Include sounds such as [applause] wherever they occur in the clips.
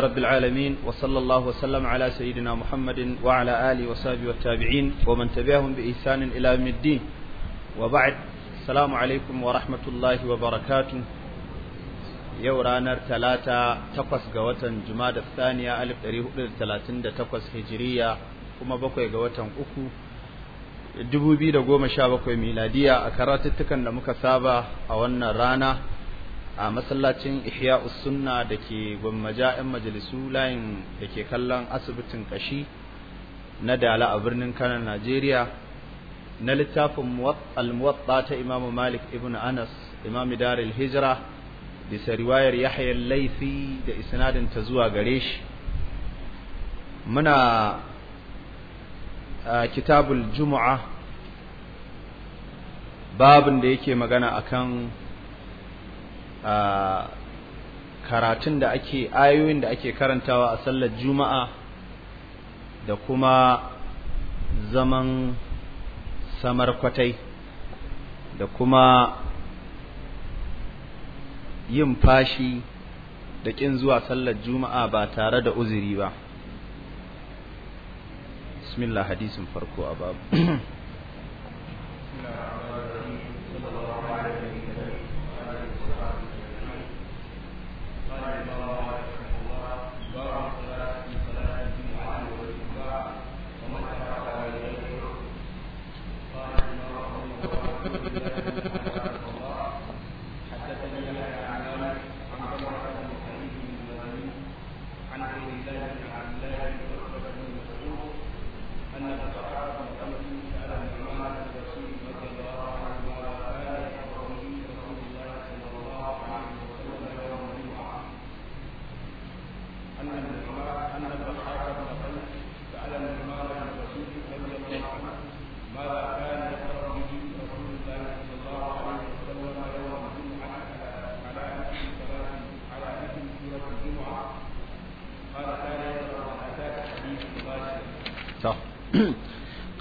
رب العالمين وصلى الله وسلم على سيدنا محمد وعلى آله وصحبه والتابعين ومن تبعهم بإحسان إلى يوم الدين وبعد السلام عليكم ورحمة الله وبركاته يورانا ثلاثة تقص قوة جماد الثانية ألف أريه ثلاثين تقص هجرية كما بقي قوة أكو dubu biyu da goma sha bakwai miladiya a karatuttukan da muka saba a wannan rana a masallacin ihya sunna da ke gwammaja 'yan majalisu layin da ke kallon asibitin kashi na dala a birnin kano najeriya na littafin al-muwatta ta imamu malik ibn anas imami daril hijira bisa riwayar yahya laifi da isnadin ta zuwa gare shi muna a kitabul juma'a babin da yake magana akan karatun da ake ayoyin da ake karantawa a sallar juma'a da kuma zaman samar kwatai da kuma yin fashi da ƙin zuwa sallar juma'a ba tare da uzuri ba bismillah hadisin farko a babu [clears throat]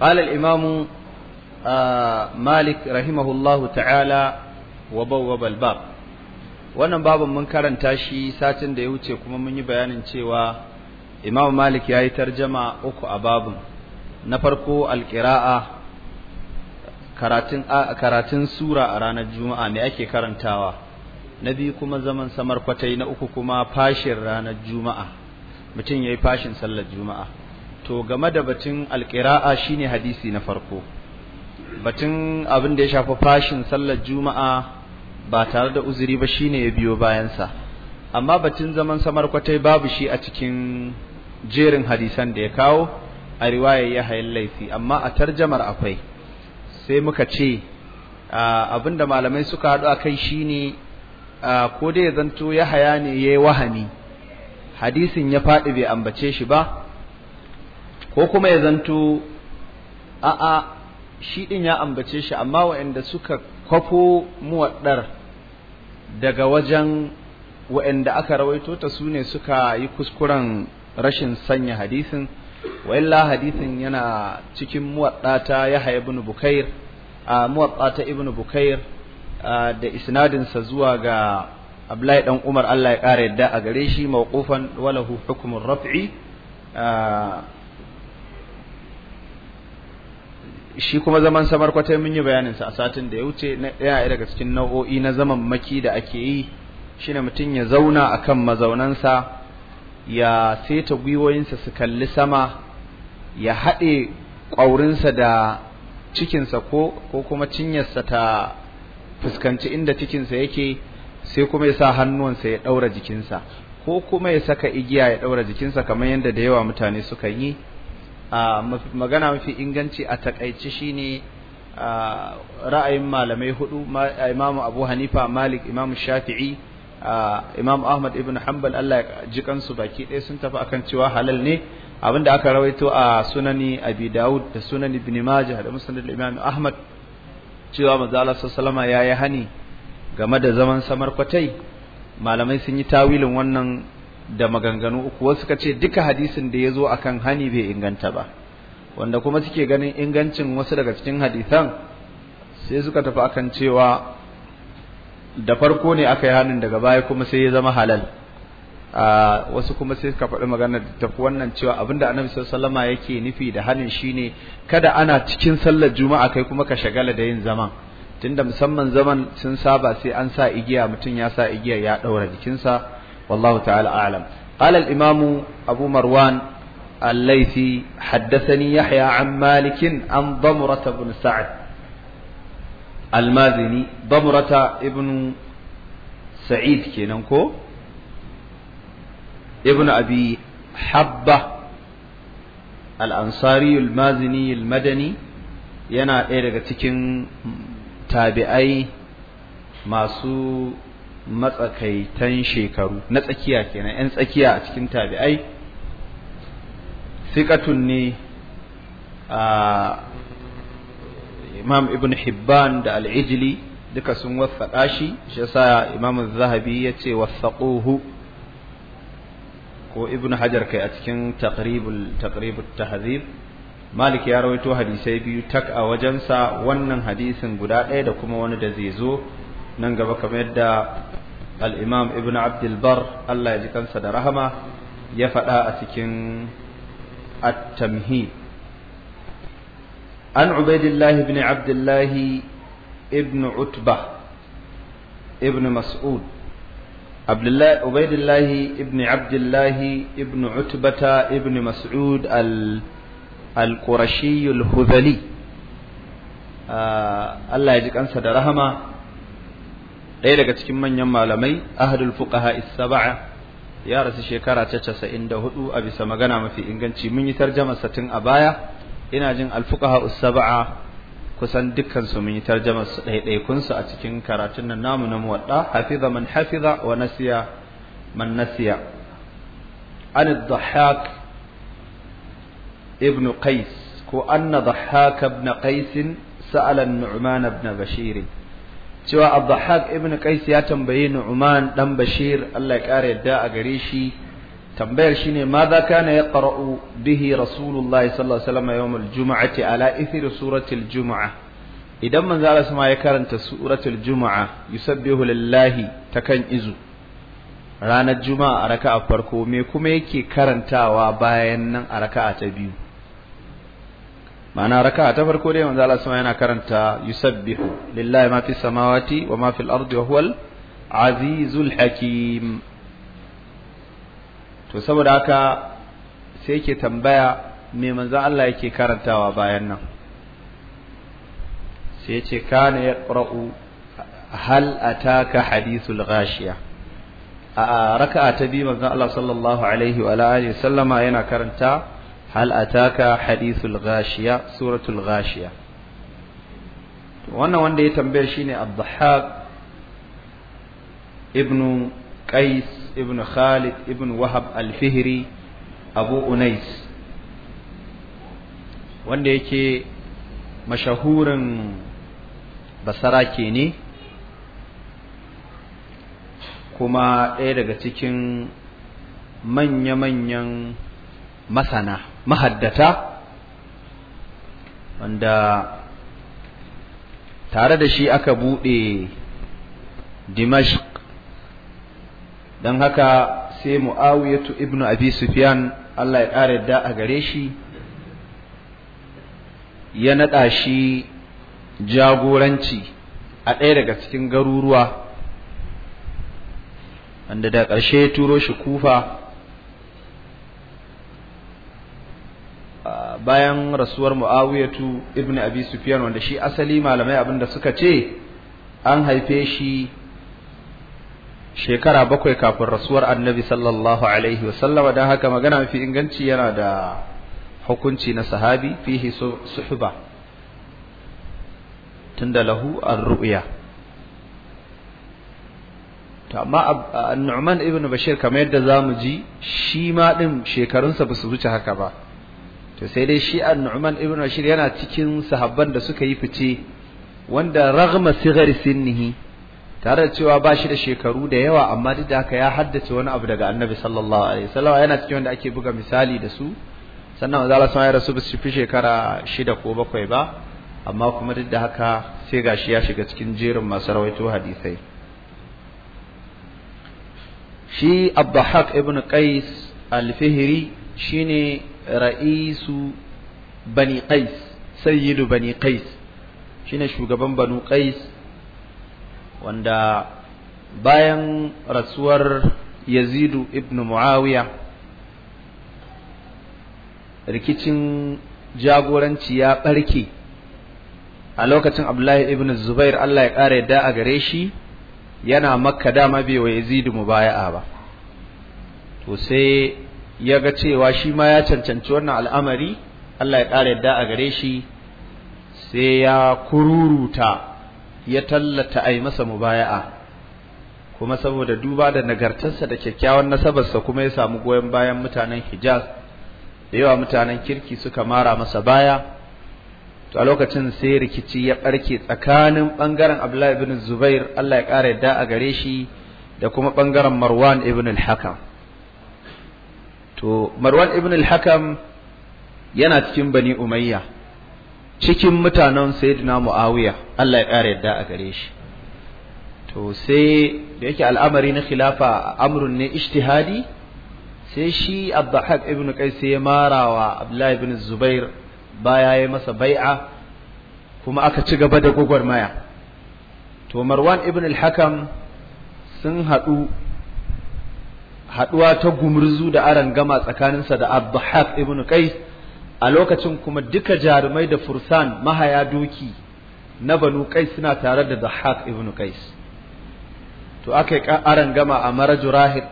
قال الإمام مالك رحمه الله تعالى وبوب الباب wannan babin mun karanta shi satin da ya wuce kuma mun yi bayanin cewa Imam Malik ya yi tarjama uku a babin na farko alƙira'a karatun karatun sura a ranar juma'a me ake karantawa na biyu kuma zaman samar kwatai na uku kuma fashin ranar juma'a mutum yayi fashin sallar juma'a to game da batun alƙira'a shine hadisi na farko batun abin da ya shafi fashin sallar juma'a ba tare da uzuri ba shine ya biyo bayansa amma batun zaman samar kwatai babu shi a cikin jerin hadisan da ya kawo a riwayar ya hayin laifi amma a tarjamar akwai sai muka ce abin da malamai suka haɗu a kai shine ko dai zanto ya haya ne ya yi wahani hadisin ya faɗi bai ambace shi ba ko kuma ya zanto a'a shi ɗin ya ambace shi amma waɗanda suka kwafo muwaɗar daga wajen waɗanda aka rawaito ta su ne suka yi kuskuren rashin sanya hadisin wa'illa hadisin yana cikin muwaɗata ya haya ibn bukair a muwaɗata ibn bukair da isnadinsa zuwa ga ablai dan Umar Allah ya ƙara yadda a gare shi mawqufan walahu hukmun raf'i shi kuma zaman samar kwatai mun yi bayanin sa a satin da ya wuce na ɗaya daga cikin nau'o'i na zaman maki da ake yi shine mutum ya zauna akan mazaunansa ya seta gwiwoyinsa su kalli sama ya haɗe ƙaurinsa da cikinsa ko ko kuma cinyarsa ta fuskanci inda cikinsa yake sai kuma ya sa hannuwansa ya ɗaura jikinsa ko kuma ya saka igiya ya ɗaura jikinsa kamar yadda da yawa mutane suka yi magana mafi inganci a takaici shine ra'ayin malamai hudu imam'u Abu Hanifa Malik imam'u Shafi'i imam'u Ahmad ibn Hanbal Allah ya ji baki ɗaya sun tafi akan cewa halal ne abinda aka rawaito a sunani Abi Dawud da sunani Ibn Majah da Musnad imamu Ahmad cewa manzo Allah sallallahu ya yi hani game da zaman samar kwatai malamai sun yi tawilin wannan da maganganu uku wasu suka ce duka hadisin da ya zo akan hani bai inganta ba wanda kuma suke ganin ingancin wasu daga cikin hadisan sai suka tafi akan cewa da farko ne aka yi hannun daga baya kuma sai ya zama halal wasu kuma sai suka faɗi magana da tafi wannan cewa abinda annabi sallallahu alaihi yake nufi da hannun shine kada ana cikin sallar juma'a kai kuma ka shagala da yin zaman tunda musamman zaman sun saba sai an sa igiya mutum ya sa igiya ya ɗaura jikinsa والله تعالى أعلم قال الإمام أبو مروان الليثي حدثني يحيى عن مالك عن ضمرة بن سعد المازني ضمرة ابن سعيد كينانكو ابن أبي حبة الأنصاري المازني المدني ينا إيرغتكين تابعي masu matsakaitan shekaru na tsakiya kenan yan tsakiya a cikin tabi'ai sikatun ne a imam ibn hibban da al'ijili duka sun wasaƙa shi shi sa imam zahabi ya ce wasaquhu ko ibn hajar kai a cikin takribul ta malik ya rawaito hadisai biyu tak a wajensa wannan hadisin guda ɗaya da kuma wani da zai zo nan gaba kamar yadda Al'imam ibn abdul bar Allah ya ji kansa da rahama ya faɗa a cikin at-tamhid an ubaidillah ibn abdullah ibn utba ibn mas'ud abdullah ubaidillah ibn abdullah ibn utbata ibn mas'ud al-qurashi al ah, Allah ya ji kansa da rahama ɗaya daga cikin manyan malamai ahadul fuqaha is-sab'a ya rasu shekara ta 94 a bisa magana mafi inganci mun yi tarjama a baya ina jin al-fuqaha us-sab'a kusan dukkan su mun yi tarjama su kun su a cikin karatun nan namu na muwadda hafiza man hafiza wa nasiya man nasiya an ad-dhahhak ibn qais ko anna dhahhak ibn qais sa'ala an-nu'man ibn bashir cewa Abdahak ibn Qais ya tambaye Nu'man dan Bashir Allah ya kare yadda a gare shi tambayar shine ma za kana yaqra'u bihi Rasulullahi sallallahu alaihi wasallam yawmul jum'ati ala ithri suratil jum'a idan manzo Allah sama ya karanta suratul yusuf yusabbihu lillahi takan izu ranar juma'a a raka'a farko me kuma yake karantawa bayan nan a raka'a ta biyu ma'ana raka'a ta farko dai manzo Allah sama yana karanta yusabbihu lillahi ma fis samawati wa ma fil ardi wa huwal azizul hakim to saboda haka sai yake tambaya me manzo Allah yake karantawa bayan nan sai yace kana yaqra'u hal ataka hadithul ghashiya a raka'a ta biyu manzo Allah sallallahu alaihi wa alihi sallama yana karanta hal ataka hadithul ghashiya suratul ghashiya wannan wanda ya tambaye shine ne ibn Ibn qais Ibn khalid Ibn wahab al-fihri abu unais wanda yake mashahurin basarake ne kuma ɗaya daga cikin manya-manyan masana mahaddata wanda tare da shi aka buɗe dimashq don haka sai mu'awiyatu ibnu abi sufyan Allah ya ƙara yadda a gare shi ya naɗa shi jagoranci a ɗaya daga cikin garuruwa wanda da ƙarshe ya turo shi kufa bayan rasuwar mu'awiyatu ibn abi sufyan wanda shi asali malamai abinda suka ce an haife shi shekara bakwai kafin rasuwar annabi sallallahu alaihi wasallama don haka magana mafi inganci yana da hukunci na sahabi fihi suhuba tunda lahu ar-ru'ya to amma a numan ibn bashir kamar yadda zamu ji shi ma ɗin shekarunsa ba su wuce haka ba to sai dai shi an-nu'man ibn bashir yana cikin sahabban da suka yi fice wanda ragma sigar sinnihi tare da cewa ba shi da shekaru da yawa amma duk da haka ya haddace wani abu daga annabi sallallahu alaihi wasallam yana cikin wanda ake buga misali da su sannan manzo Allah ya rasu ba su fi shekara shida ko bakwai ba amma kuma duk da haka sai gashi ya shiga cikin jerin masu rawaito hadisai shi haq ibn Qais al-Fihri shine ra'isu bani qais sayyidu bani qais shine shugaban banu qais wanda bayan rasuwar yazidu ibn muawiya rikicin jagoranci ya barke a lokacin abdullahi ibn zubair allah ya ƙara yadda a gare shi yana makka dama bai wa yazidu mubaya'a ba to sai ya ga cewa shi ma ya cancanci wannan al'amari Allah ya ƙara yadda a gare shi sai ya kururuta ya tallata a yi masa mubaya'a kuma saboda duba da nagartarsa da kyakkyawan nasabarsa kuma ya samu goyon bayan mutanen hijaz da yawa mutanen kirki suka mara masa baya to a lokacin sai rikici ya ɓarke tsakanin ɓangaren abdullahi ibn zubair allah ya ƙara yadda a gare shi da kuma ɓangaren marwan ibn al-hakam to marwan ibn al-hakam yana cikin bani umayya cikin mutanen sayyidina muawiya Allah ya ƙara yadda a gare shi to sai da yake al'amari na khilafa amrun ne ijtihadi sai shi abdahak ibn qais ya marawa abdullahi ibn zubair baya ya masa bai'a kuma aka ci gaba da gwagwarmaya to marwan ibn al-hakam sun haɗu haɗuwa ta gumurzu da aran gama tsakaninsa da abduhaq ibn qais a lokacin kuma duka jarumai da fursan mahaya doki na banu qais suna tare da dhahaq ibn qais to aka aran gama a maraju rahib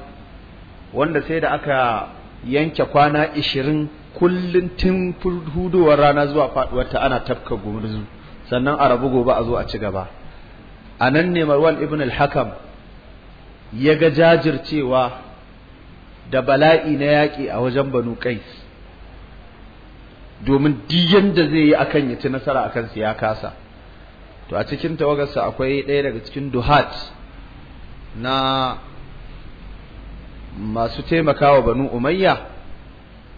wanda sai da aka yanke kwana ishirin kullum tun hudowar rana zuwa faɗuwar ta ana tafka gumurzu sannan a rabu gobe a zo a ci gaba a nan ne marwan ibn al-hakam ya ga jajircewa da bala'i na yaƙi a wajen banu kais domin diyan da zai yi akan ya ci nasara akan su ya kasa to a cikin tawagarsa akwai ɗaya daga cikin duhat na masu taimakawa banu umayya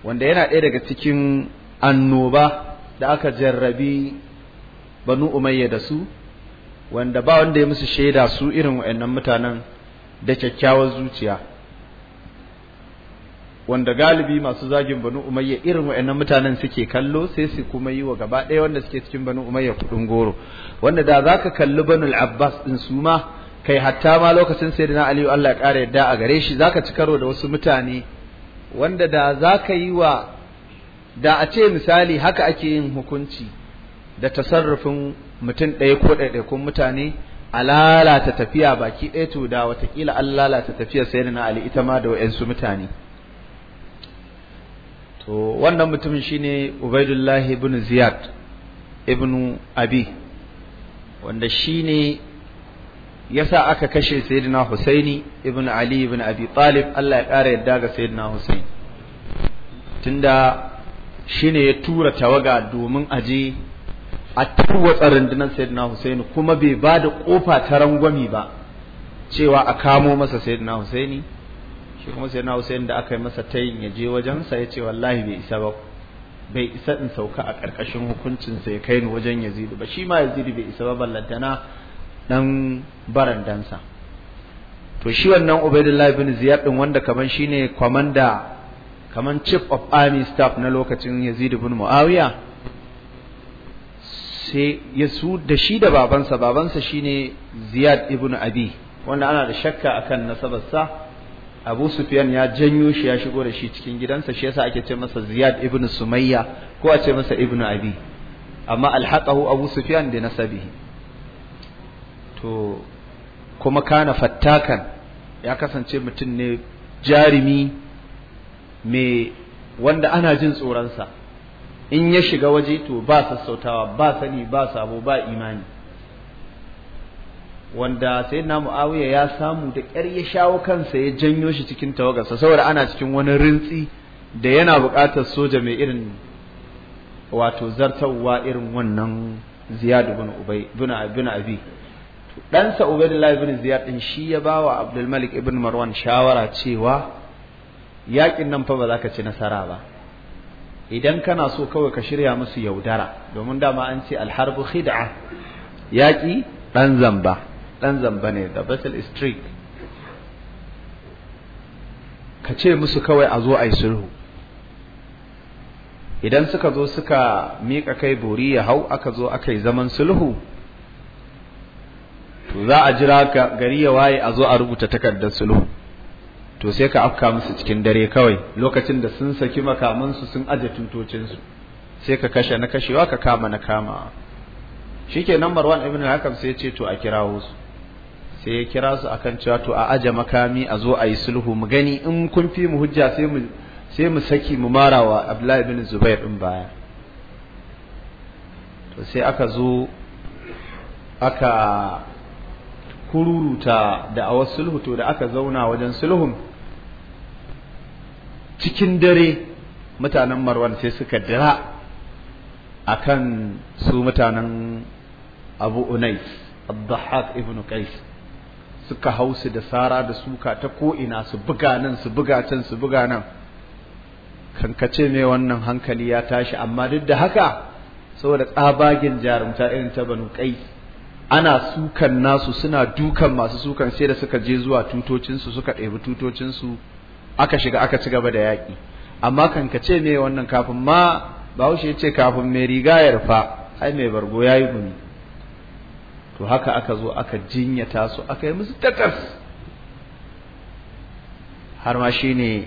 wanda yana ɗaya daga cikin annoba da aka jarrabi banu umayya da su wanda ba wanda ya musu shaida su irin wa'annan mutanen da kyakkyawar zuciya wanda galibi masu zagin banu umayya irin wa'annan mutanen suke kallo sai su kuma yi wa gaba ɗaya wanda suke cikin banu umayya kuɗin goro wanda da zaka kalli banu abbas din su ma kai hatta ma lokacin sayyidina aliyu Allah ya ƙara yadda a gare shi zaka ci karo da wasu mutane wanda da zaka yi wa da a ce misali haka ake yin hukunci da tasarrufin mutum ɗaya ko ɗaiɗaikun mutane a lalata tafiya baki ɗaya to da watakila an lalata tafiyar sayyidina ali ita ma da wa'ansu mutane to wannan mutumin shine Ubaidullah ibn Ziyad ibn Abi wanda shine yasa aka kashe Sayyidina Husaini ibn Ali ibn Abi Talib Allah ya ƙara yadda ga Sayyidina Husaini tunda shine ya tura tawaga domin aje a tarwatsa rundunar Sayyidina Husaini kuma bai ba da kofa ta rangwami ba cewa a kamo masa Sayyidina Husaini shi kuma sai na Hussein da aka yi masa tayin ya je wajensa ya ce wallahi bai isa ba bai isa in sauka a karkashin hukuncin ya kai ni wajen Yazid ba shi ma Yazid bai isa ba ballantana dan barandansa to shi wannan Ubaidullah ibn Ziyad din wanda kaman shine commander kaman chief of army staff na lokacin Yazid ibn Muawiya sai yasu da shi da babansa babansa shine Ziyad ibn Abi wanda ana da shakka akan nasabarsa Abu Sufyan ya janyo shi ya shigo da shi cikin gidansa shi yasa ake ce masa Ziyad ibn Sumayya ko a ce masa ibn Abi amma alhaqahu Abu Sufyan da nasabihi to kuma kana fattakan ya kasance mutum ne jarimi mai wanda ana jin tsoronsa in ya shiga waje to ba sassautawa ba sani ba sabo ba imani wanda sai na muawiya ya samu da ƙyar ya shawo kansa ya janyo shi cikin tawagarsa saboda ana cikin wani rintsi da yana buƙatar soja mai irin wato zartarwa irin wannan ziyad bin ubay bin bin abi ɗansa ubaidullahi bin ziyad din shi ya bawa abdul malik ibn marwan shawara cewa yaƙin nan fa ba za ka ci nasara ba idan kana so kawai ka shirya musu yaudara domin dama an ce alharbu khid'a yaƙi. ɗan zamba ɗan zamba ne da vessel is ka ce musu kawai a zo a yi sulhu idan suka zo suka miƙa kai bori ya hau aka zo aka yi zaman sulhu to za a jira ka gari ya waye a zo a rubuta takardar sulhu to sai ka afka musu cikin dare kawai lokacin da sun saki makamansu sun aje tutocinsu sai ka kashe na kashewa ka kama na kama nan Marwan ibn al-Hakam sai ya ce to a kirawo su sai ya kira su akan cewa to a aje makami a zo a yi sulhu mu gani in kun fi mu hujja sai mu sai mu saki mu marawa Abdullahi bin Zubair din baya to sai aka zo aka kururuta da a wasu sulhu to da aka zauna wajen sulhun cikin dare mutanen Marwan sai suka dira akan su mutanen Abu Unais Abdullahi ibn Qais suka su da sara da suka ta ko'ina su buga nan su buga can su buga nan kankace ne wannan hankali ya tashi amma duk da haka saboda tsabagen jarumta irin ta banu kai ana sukan nasu suna dukan masu sukan sai da suka je zuwa tutocinsu suka ɗebi tutocinsu aka shiga aka ci gaba da yaƙi amma kankace ne wannan kafin ma bahaushe ya ce kafin mai riga ya ai mai bargo ya yi gumi to haka aka zo aka jinyata su aka yi musu takas har ma shine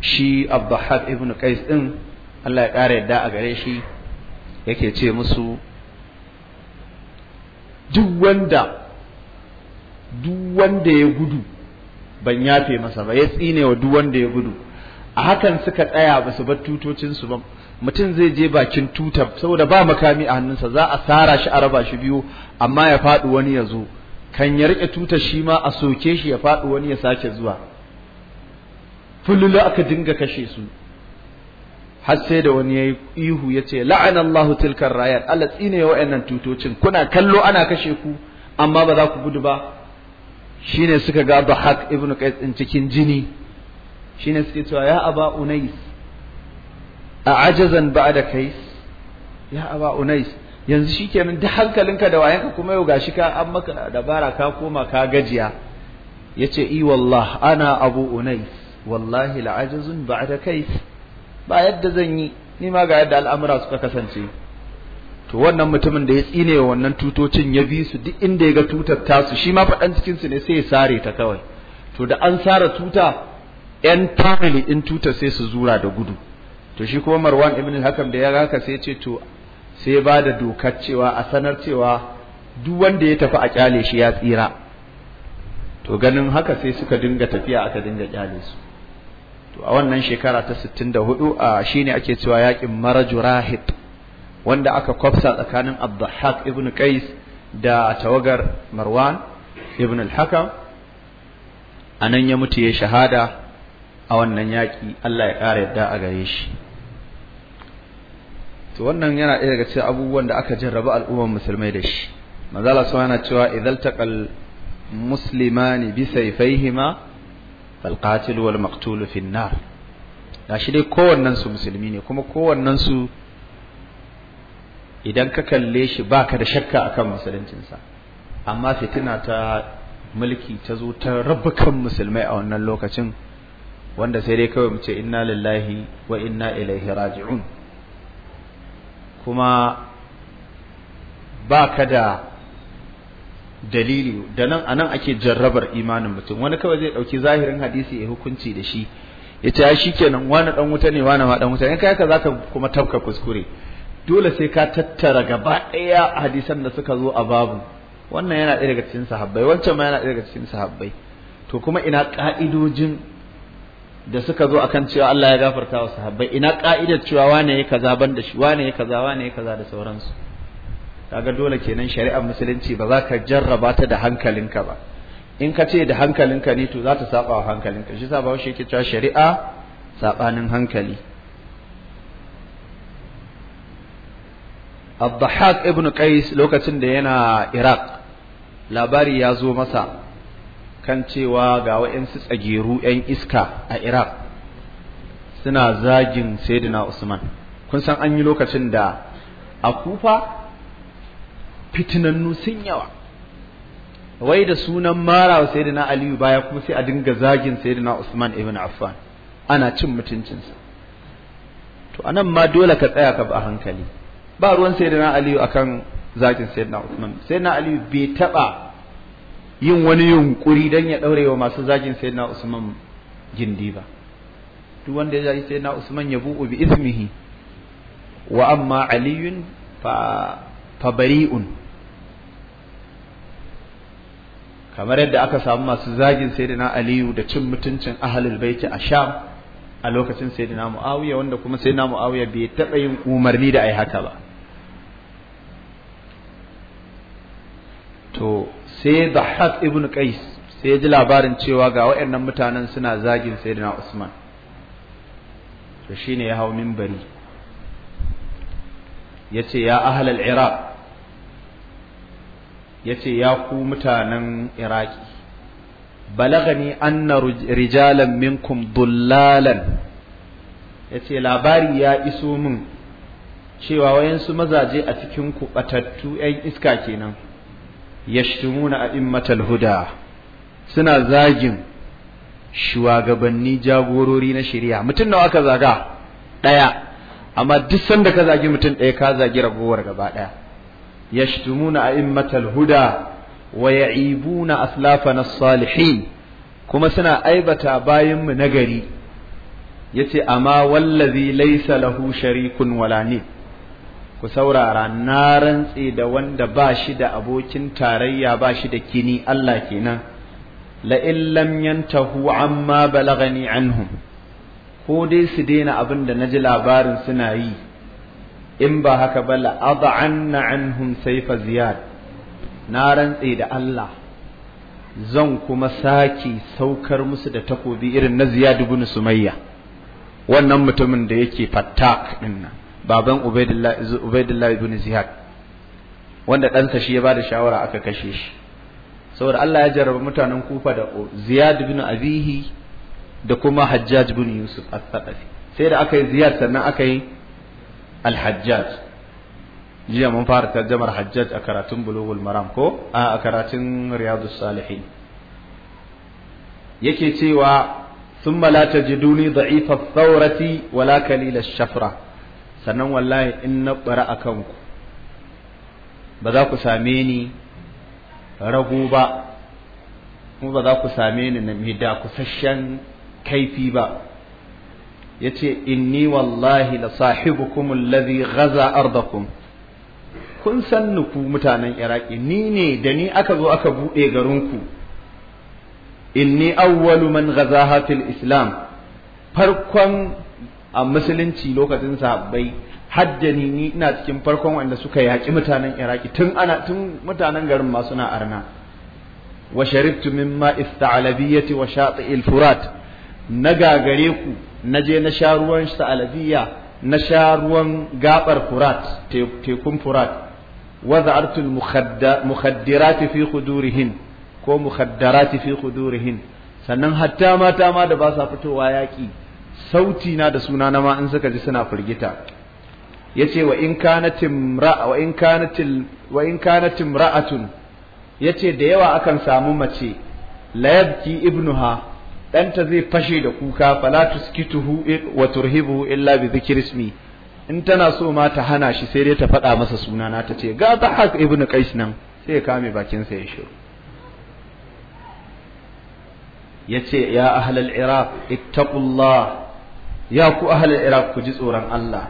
shi abdullahi ibn Qais din Allah ya ƙara yadda a gare shi yake ce musu duk wanda duk wanda ya gudu ban yafe masa ba ya tsine wa duk wanda ya gudu a hakan suka tsaya ba su bar tutocinsu ba mutum zai je bakin tuta saboda ba makami a hannunsa za a sara shi a raba shi biyu amma ya faɗi wani ya zo kan ya riƙe tutar shi ma a soke shi ya faɗi wani ya sake zuwa fululu aka dinga kashe su har sai da wani ya yi ihu ya ce, la'anallahu tilkar rayar. Allah tsine yannan tutocin kuna kallo ana kashe ku amma ba za ku gudu ba shine suka ga bahak ibn Qais din cikin jini shine suke cewa ya Aba Unais a ajazan ba'da kai ya aba unais yanzu shikenan duk hankalinka da wayanka kuma yau gashi ka an maka dabara ka koma ka gajiya yace i wallah ana abu unais wallahi la'ajazun ba'da kai ba yadda zan yi ni ma ga yadda al'amura suka kasance to wannan mutumin da ya tsine wa wannan tutocin ya bi su duk inda ya ga tutar tasu shi ma faɗan cikin su ne sai ya sare ta kawai to da an sare tuta yan family din tutar sai su zura da gudu to shi kuma marwan ibn al-hakam da ya raka sai ce to sai ba da dokar cewa a sanar cewa duk wanda ya tafi a kyale shi ya tsira to ganin haka sai suka dinga tafiya aka dinga kyale su to a wannan shekara ta 64 a shine ake cewa yakin maraju rahib wanda aka kwafsa tsakanin Abdullahi ibn qais da tawagar marwan ibn al-hakam anan ya mutu ya shahada a wannan yaki Allah ya ƙara yadda a gare shi to wannan yana ɗaya daga cikin abubuwan da aka jarraba al'ummar musulmai da shi manzo Allah yana cewa idan taqal muslimani bi sayfayhima fal qatil wal maqtul fi nar shi dai su musulmi ne kuma kowannen su idan ka kalle shi baka da shakka akan musuluncinsa amma fitina ta mulki ta zo ta rabu kan musulmai a wannan lokacin wanda sai dai kawai mu ce inna lillahi wa inna ilaihi raji'un kuma ba ka da dalili da nan a nan ake jarrabar imanin mutum wani kawai zai ɗauki zahirin hadisi ya hukunci da shi ya ce shi kenan wani ɗan wuta ne wani ma ɗan wuta in kai ka ka kuma tabka kuskure dole sai ka tattara gaba ɗaya hadisan da suka zo a babu wannan yana ɗaya daga cikin sahabbai wancan ma yana ɗaya daga cikin sahabbai to kuma ina ƙa'idojin da suka zo akan cewa Allah ya gafarta wa sahabbai ina ka'idar cewa wane ya kaza ban da shi wane ya kaza wane ya kaza da sauransu kaga dole kenan shari'ar musulunci ba za ka jarraba ta da hankalinka ba in ka ce da hankalinka ne to za ta saba wa hankalinka shi sa ba shi yake cewa shari'a sabanin hankali Abdahak ibn Qais lokacin da yana Iraq labari ya zo masa kan cewa ga wa'yansu tsageru 'yan iska a Iraq suna zagin Sayyidina Usman kun san an yi lokacin da a kufa fitinannu sun yawa wai da sunan mara wa Sayyidina Aliyu baya kuma sai a dinga zagin Sayyidina Usman ibn Affan ana cin mutuncinsa to a nan ma dole ka tsaya ka ba hankali ba ruwan Sayyidina Aliyu akan zagin Sayyidina Usman Sayyidina Aliyu bai taba yin wani yunkuri don ya ɗaure wa masu zagin na Usman gindi ba duk wanda ya zagi na Usman ya bu'u bi ismihi wa amma aliyun fa bari'un kamar yadda aka samu masu zagin na Aliyu da cin mutuncin ahlul baiti a Sham a lokacin sai na Muawiya wanda kuma sai na Muawiya bai taɓa yin umarni da ai haka ba to sai Dhahhak ibn Qais sai ya ji labarin cewa ga waɗannan mutanen suna zagin Sayyidina Usman to shine ya hau minbari yace ya ahlal Iraq yace ya ku mutanen Iraki balagani anna rijalan minkum dullalan yace labari ya iso min cewa wayansu mazaje a cikin ku batattu ƴan iska kenan yashtumuna a'immatal huda suna zagin shugabanni jagorori na shari'a mutum nawa aka zaga daya amma duk sanda ka zagi mutum daya ka zagi ragowar gaba daya yashtumuna a'immatal huda wa ya'ibuna aslafana salihin kuma suna aibata bayan mu nagari yace amma wallazi laysa lahu sharikun wala ni ku saurara na rantse da wanda ba shi da abokin tarayya ba shi da kini Allah kenan la in lam yantahu amma balagani anhum ko dai su daina abin da na ji labarin suna yi in ba haka ba la ad'anna anhum sayfa ziyad na rantse da Allah zan kuma sake saukar musu da takobi irin na Ziyad ibn Sumayya wannan mutumin da yake fattak dinnan baban Ubaidullah ibn Zihad wanda ɗansa shi ya bada shawara aka kashe shi saboda Allah ya jarraba mutanen Kufa da Ziyad ibn Abihi da kuma Hajjaj ibn Yusuf al-Thaqafi sai da aka yi Ziyad sannan aka yi al-Hajjaj jiya mun fara tarjamar Hajjaj a karatun Bulughul Maram ko a karatun Riyadus Salihin yake cewa ثم لا تجدوني ضعيف الثورة ولا كليل الشفرة sannan wallahi in na a kanku ba za ku same ni rago ba kuma ba za ku same ni na mai dakusasshen kaifi ba ya ce inni wallahi la sahibukum alladhi ghaza ardakum kun san nuku mutanen iraki ni ne da ni aka zo aka buɗe garinku inni awwalu man ghazaha fil islam farkon a musulunci lokacin sahabbai haddani ni ina cikin farkon wanda suka yaƙi mutanen iraki tun ana tun mutanen garin ma suna arna wa sharibtu mimma ista'labiyati wa shati'il furat na gagare ku na je na sha ruwan sa'alabiya na sha ruwan gabar furat tekun furat wa za'artu mukhaddirati fi khudurihin ko mukhaddarati fi khudurihin sannan hatta mata ma da ba sa fitowa yaƙi sauti na da suna na ma in suka ji suna firgita yace wa in kanatin ra'a wa in kanat wa in yace da yawa akan samu mace layabki ibnuha danta zai fashe da kuka falatus kituhu wa turhibuhu illa bi dhikri ismi in tana so ma ta hana shi sai dai ta faɗa masa sunana ta ce ga Dhahak ibn Qais nan sai ya kame bakin sa ya shiru yace ya ahlal iraq ittaqullah ya ku ahalar iraq ku ji tsoron Allah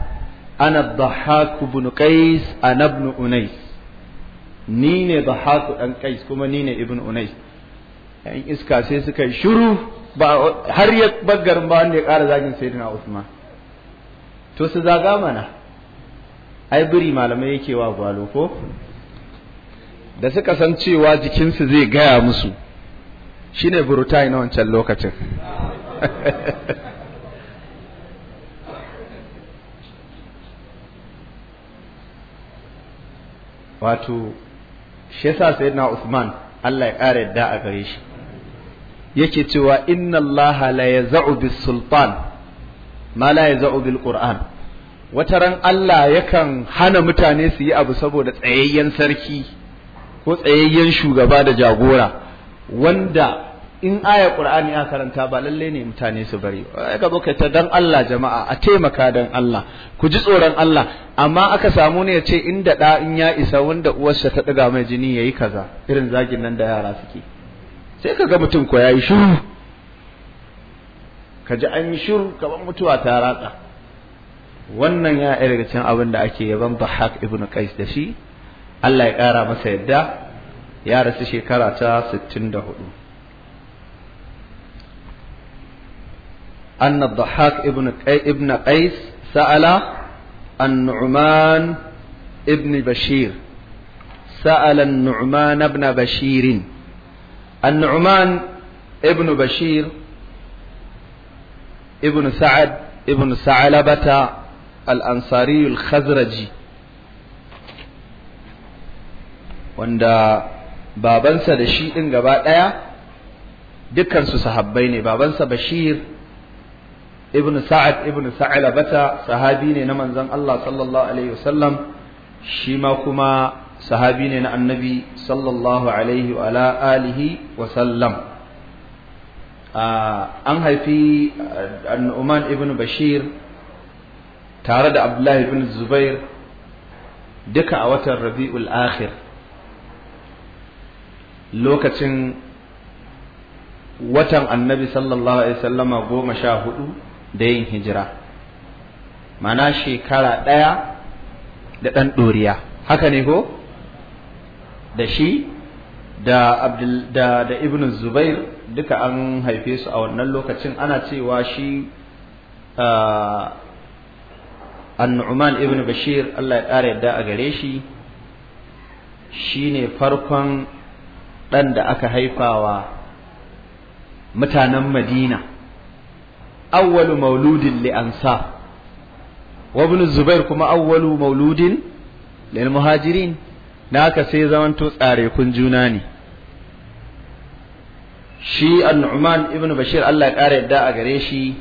ana dhahaku ibn qais ana ibn unais ni ne dhahaku dan qais kuma ni ne ibn unais yan iska sai suka yi shiru ba har ya bagar ba wanda ya ƙara zagin sayyidina usman to su zaga mana ai biri malamai yake wa gwalo ko da suka san cewa jikinsu zai gaya musu shine burutai na wancan lokacin [laughs] wato shi yasa na Usman Allah ya ƙara yadda a gare shi yake cewa inna Allah la yaz'u bis sultan ma la yaz'u bil qur'an wata ran Allah yakan hana mutane su yi abu saboda tsayayyen sarki ko tsayayyen shugaba da jagora wanda in aya qur'ani ya karanta ba lalle ne mutane su bari ka zo kai ta dan Allah jama'a a taimaka dan Allah ku ji tsoron Allah amma aka samu ne ya ce inda da in ya isa wanda uwarsa ta daga mai jini yayi kaza irin zagin nan da yara suke sai kaga mutum ko yayi shiru kaji an yi shiru kaman mutuwa ta ratsa wannan ya daga cikin abin da ake yaban Bahak ibn Qais da shi Allah ya kara masa yadda ya rasu shekara ta 64 أن الضحاك ابن ابن قيس سأل النعمان ابن بشير سأل النعمان ابن بشير النعمان ابن بشير ابن سعد ابن ثعلبة الأنصاري الخزرجي wanda babansa da shi ɗin gaba ɗaya dukansu sahabbai ne babansa bashir ibn sa'ad ibn sa'labata sahabi ne na manzon Allah sallallahu alaihi wasallam shi ma kuma sahabi ne na annabi sallallahu alaihi wa ala alihi wa sallam an haifi an'uman ibn bashir tare da abdullahi ibn zubair duka a watan rabi'ul akhir lokacin watan annabi sallallahu alaihi wasallama goma sha hudu da yin hijira mana shekara ɗaya da ɗan ɗoriya haka ne ko da shi da abdul da ibn zubair duka an haife su a wannan lokacin ana cewa shi annu'man ibn bashir Allah ya ƙara yadda a gare shi shine farkon ɗan da aka haifawa mutanen madina awwalu mauludin li ansa wa ibn zubair kuma awwalu mauludin lil muhajirin na haka sai zamanto tsare kun juna ne shi nu'man ibn bashir Allah ya ƙara yadda a gare shi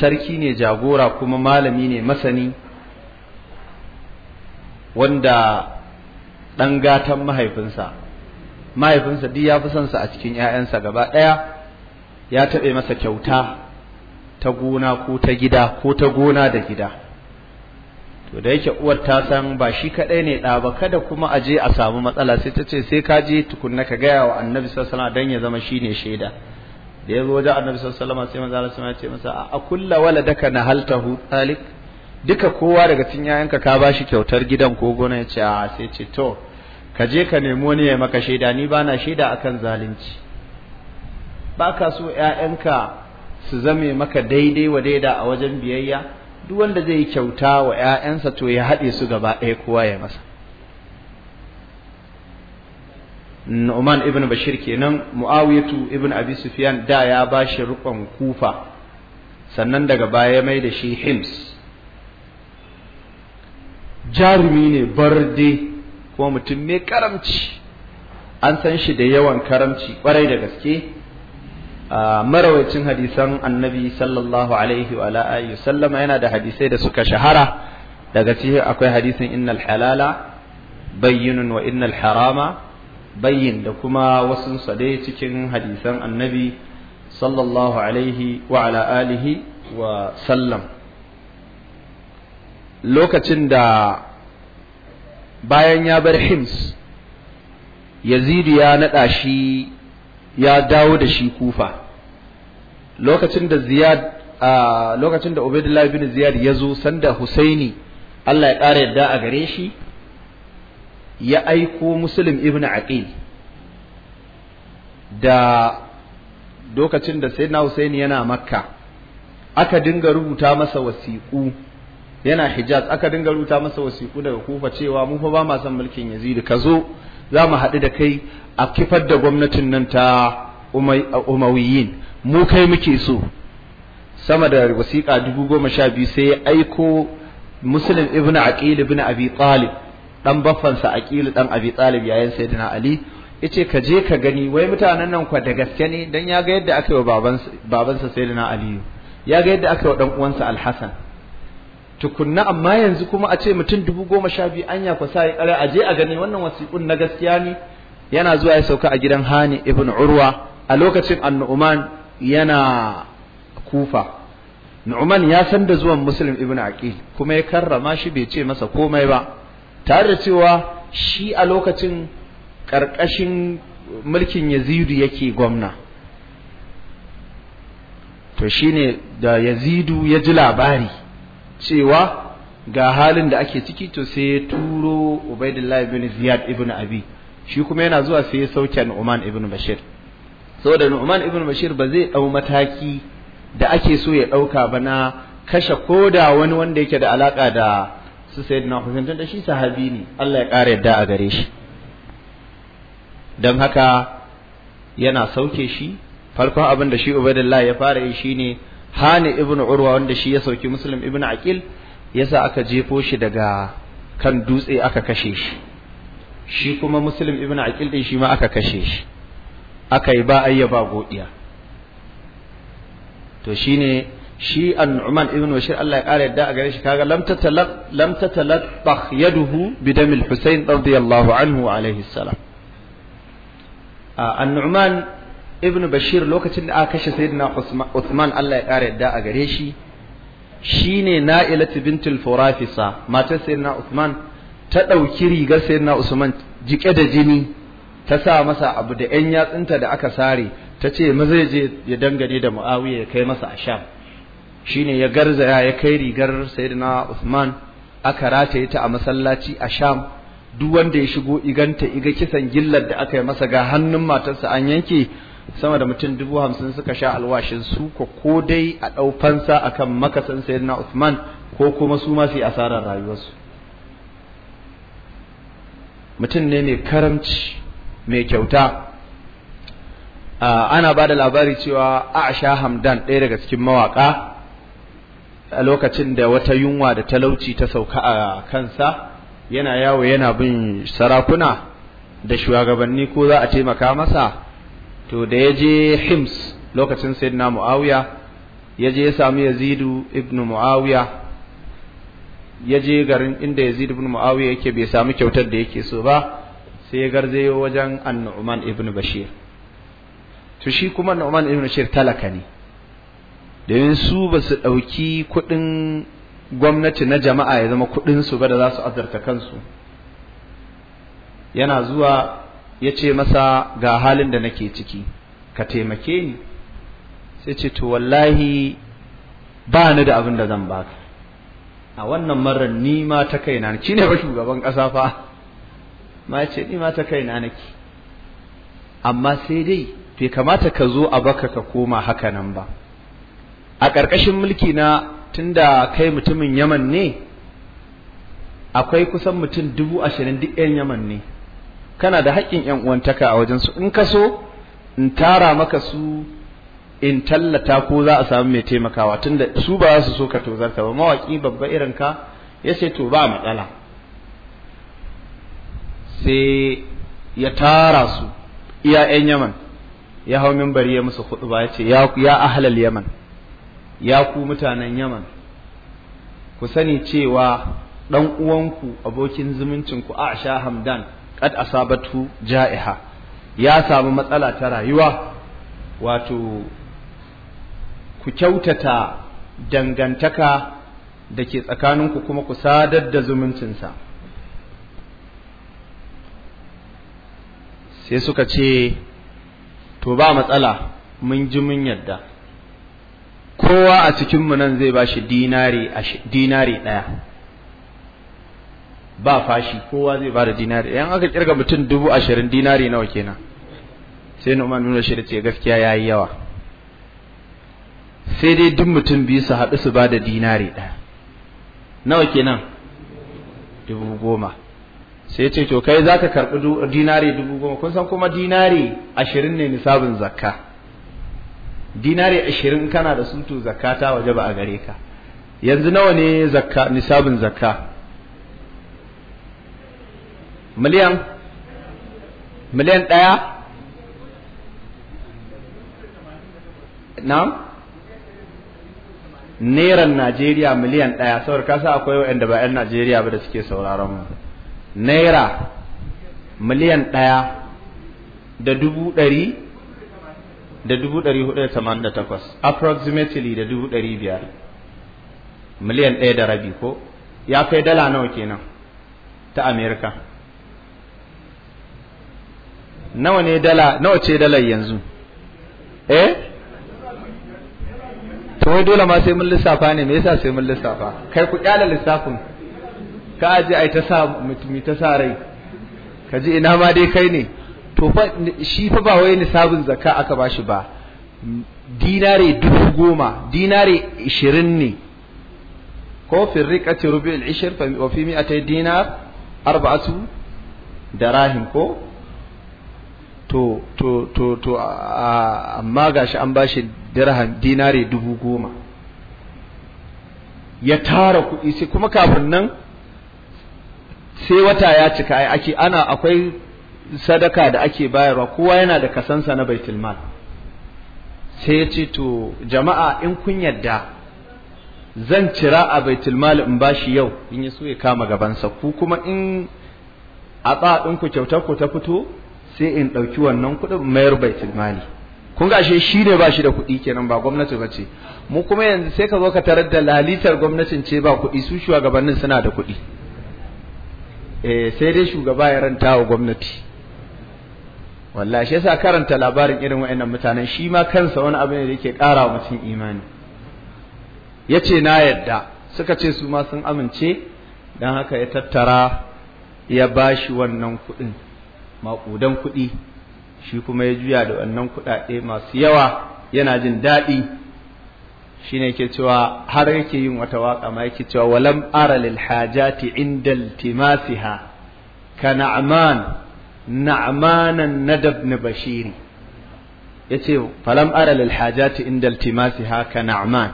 sarki ne jagora kuma malami ne masani wanda ɗan gatan mahaifinsa mahaifinsa duk ya fi son sa a cikin 'ya'yansa gaba ɗaya ya taɓe masa kyauta ta gona ko ta gida ko ta gona da gida to da yake uwar ta san ba shi kaɗai ne ɗa ba kada kuma a je a samu matsala sai ta ce sai ka je tukunna ka gaya wa annabi sassana don ya zama shi ne shaida da ya zo wajen annabi sassana masu sai manzo ce masa a kulla wala daka waladaka halta talik duka kowa daga cikin yayanka ka bashi kyautar gidan ko gona ya ce a sai ce to ka je ka nemo ne ya maka shaida ni bana shaida akan zalunci ba ka so ‘ya'yanka su zame maka daidai wa daida a wajen biyayya duk wanda zai kyauta wa ‘ya'yansa to ya haɗe su gaba ɗaya kowa ya masa Nu'man ibn Bashir kenan Muawiyatu ibn Abi Sufyan da ya ba shi rukun Kufa sannan daga baya mai da shi Hims jarumi ne barde kuma mutum mai karamci an san shi da yawan karamci kwarai da gaske Ah, marawacin hadisan annabi sallallahu alaihi wa ala alihi sallama yana da hadisai da suka shahara daga cikin akwai hadisin innal halala bayyinun wa innal harama bayyin da kuma wasu sade cikin hadisan annabi sallallahu alaihi wa ala alihi wa sallam lokacin da bayan ya bar hims yazidu ya naɗa shi ya dawo da shi kufa lokacin da ziyad a lokacin da ubaidullah ibn ziyad ya zo sanda husaini Allah ya ƙara yadda a gare shi ya aiko muslim ibn aqil da lokacin da sayyidina husaini yana makka aka dinga rubuta masa wasiƙu yana hijaz aka dinga rubuta masa wasiƙu daga kufa cewa mu fa ba ma son mulkin yazid ka zo za mu haɗu da kai a kifar da gwamnatin nan ta umawiyin mu kai muke so sama da wasiƙa dubu goma sha biyu sai ya aiko musulun ibn aqil ibn abi talib dan baffansa aqil dan abi talib yayin sayyidina ali yace ka je ka gani wai mutanen nan kwa da gaske ne dan ya ga yadda aka yi wa babansa babansa sayyidina ali ya ga yadda aka yi wa dan uwansa al-hasan tukunna amma yanzu kuma a ce mutum dubu goma sha biyu anya ku sa ƙarya a je a gani wannan wasiƙun na gaskiya ne yana zuwa ya sauka a gidan hani ibn urwa a lokacin annu'uman yana kufa nu'man ya san da zuwan muslim ibn aqil kuma ya karrama shi bai ce masa komai ba tare da cewa shi a lokacin ƙarƙashin mulkin yazidu yake gwamna to shine da yazidu ya ji labari cewa ga halin da ake ciki to sai ya turo ubaidullahi ibn Ziyad ibn Abi shi kuma yana zuwa sai ya sauke Nu'man ibn Bashir saboda Nu'man ibn Bashir ba zai dau mataki da ake so ya dauka ba na kashe koda wani wanda yake da alaka da su Sayyidina Hussein tunda shi sahabi ne Allah ya kara yadda a gare shi dan haka yana sauke shi farkon abin da shi ubaidullahi ya fara yi shine hani ibn urwa wanda shi ya sauki muslim ibn aqil yasa aka jefo shi daga kan dutse aka kashe shi shi kuma muslim ibn aqil din shi ma aka kashe shi aka yi ba ayya ba godiya to shine shi an-nu'man ibn bashir Allah ya kare yadda a gare shi kaga lam tatalaq lam tatalaqqah yaduhu bi damil husayn radiyallahu anhu alayhi salam an-nu'man ibn bashir lokacin da aka kashe sayyidina usman Allah ya ƙara yadda a gare shi shine na'ilatu bintul furafisa matar sayyidina usman ta ɗauki rigar sayyidina usman jike da jini ta sa masa abu da yan yatsunta da aka sare ta ce maza je ya dangane da muawiya ya kai masa asha shine ya garzaya ya kai rigar sayyidina usman aka rataye ta a masallaci a sham duk wanda ya shigo iganta iga kisan gillar da aka yi masa ga hannun matarsa an yanke sama da mutum dubu hamsin suka sha alwashin su ko dai a ɗau fansa akan makasan sayyidina Uthman ko kuma su ma su asarar rayuwarsu mutum ne mai karamci mai kyauta ana ba da labari cewa sha Hamdan ɗaya daga cikin mawaƙa a lokacin da wata yunwa da talauci ta sauka a kansa yana yawo yana bin sarakuna da shugabanni ko za a taimaka masa to da ya je hims lokacin sayyidina muawiya ya je ya samu yazidu ibnu muawiya ya je garin inda yazidu ibnu muawiya yake bai samu kyautar da yake so ba sai ya garzayo wajen annu'man ibnu bashir to shi kuma annu'man ibnu bashir talaka ne domin su ba su ɗauki kuɗin gwamnati na jama'a ya zama su ba da za su azarta kansu yana zuwa ya ce masa ga halin da nake ciki ka taimake ni sai ce to wallahi ba ni da abin da zan baka a wannan marar ni ma ta kaina na ne ba shugaban ƙasa fa ma ce ni ma ta kaina nake amma sai dai bai kamata ka zo a baka ka koma haka nan ba a ƙarƙashin mulki na tun da kai mutumin yaman ne akwai kusan mutum dubu ashirin duk 'yan yaman ne kana da haƙƙin yan uwantaka a wajen su in ka so in tara maka su in tallata ko za a samu mai taimakawa tunda su ba za su so ka tozarta ba mawaƙi babba irin ka ya ce to ba matsala sai ya tara su iya yan yaman ya hau bari ya musu huɗu ba ya ce ya ahalal yaman ya ku mutanen yaman ku sani cewa ɗan uwanku abokin zumuncinku a sha hamdan kad asabatu ja'iha ya samu matsala ta rayuwa wato ku kyautata dangantaka da ke tsakaninku kuma ku sadar da zumuncinsa sai suka ce to ba matsala mun ji mun yadda kowa a cikinmu nan zai ba shi dinari ɗaya ba fashi kowa zai bada dinari yan aka kirga mutum dubu ashirin dinari nawa kenan sai Nu'man bin Bashir ce gaskiya yi yawa sai dai duk mutum biyu su haɗu su bada dinari ɗaya nawa kenan dubu goma sai ce to kai za ka karɓi dinari dubu goma kun san kuma dinari ashirin ne nisabin zakka dinari ashirin kana da sutu zakka ta waje ba a gare ka yanzu nawa ne nisabin zakka miliyan miliyan ɗaya na neran Najeriya miliyan ɗaya saboda kasa akwai waɗanda ba 'yan Najeriya ba da suke sauraron mu naira miliyan ɗaya da dubu ɗari da dubu ɗari hudu da tamanin da takwas approximately da dubu ɗari biyar miliyan ɗaya da rabi ko ya kai dala nawa kenan ta Amerika nawa ne dala nawa ce dalar yanzu eh to wai dole ma sai mun lissafa ne me yasa sai mun lissafa kai ku kyala lissafin ka aje ai ta sa mutumi ta sa rai ka ji ina ma dai kai ne to fa shi fa ba wai nisabin zakka aka bashi ba dinare dubu goma dinare ishirin ne ko fi riƙaci rubi al'ishir wa fi mi'atai dinar arba'atu da ko to to to to amma gashi an bashi dirham dinare dubu goma ya tara kuɗi sai kuma kafin nan sai wata ya cika ai ake ana akwai sadaka da ake bayarwa kowa yana da kasansa na baitulmal. sai ya ce to jama'a in kun yadda zan cira a baitulmal mal in bashi yau in ya so ya kama gabansa ku kuma in a ɗinku kyautar ku ta fito sai in ɗauki wannan kuɗin mayar baitul mali kun ga shi ne ba shi da kuɗi kenan ba gwamnati ba ce mu kuma yanzu sai ka zo ka tarar da lalitar gwamnatin ce ba kuɗi su shugabannin suna da kuɗi eh sai dai shugaba ya ranta wa gwamnati wallahi shi yasa karanta labarin irin waɗannan mutanen shi ma kansa wani abu ne da yake ƙara wa mutum imani yace na yarda suka ce su ma sun amince dan haka ya tattara ya ba shi wannan kuɗin maƙudan kuɗi shi kuma ya juya da wannan kuɗaɗe masu yawa yana jin daɗi shi ne ke cewa har yake yin wata waƙa ma yake cewa walam ara lil hajati inda iltimasiha ka na'man na'manan nadab na bashiri yace falam ara lil hajati inda iltimasiha ka na'man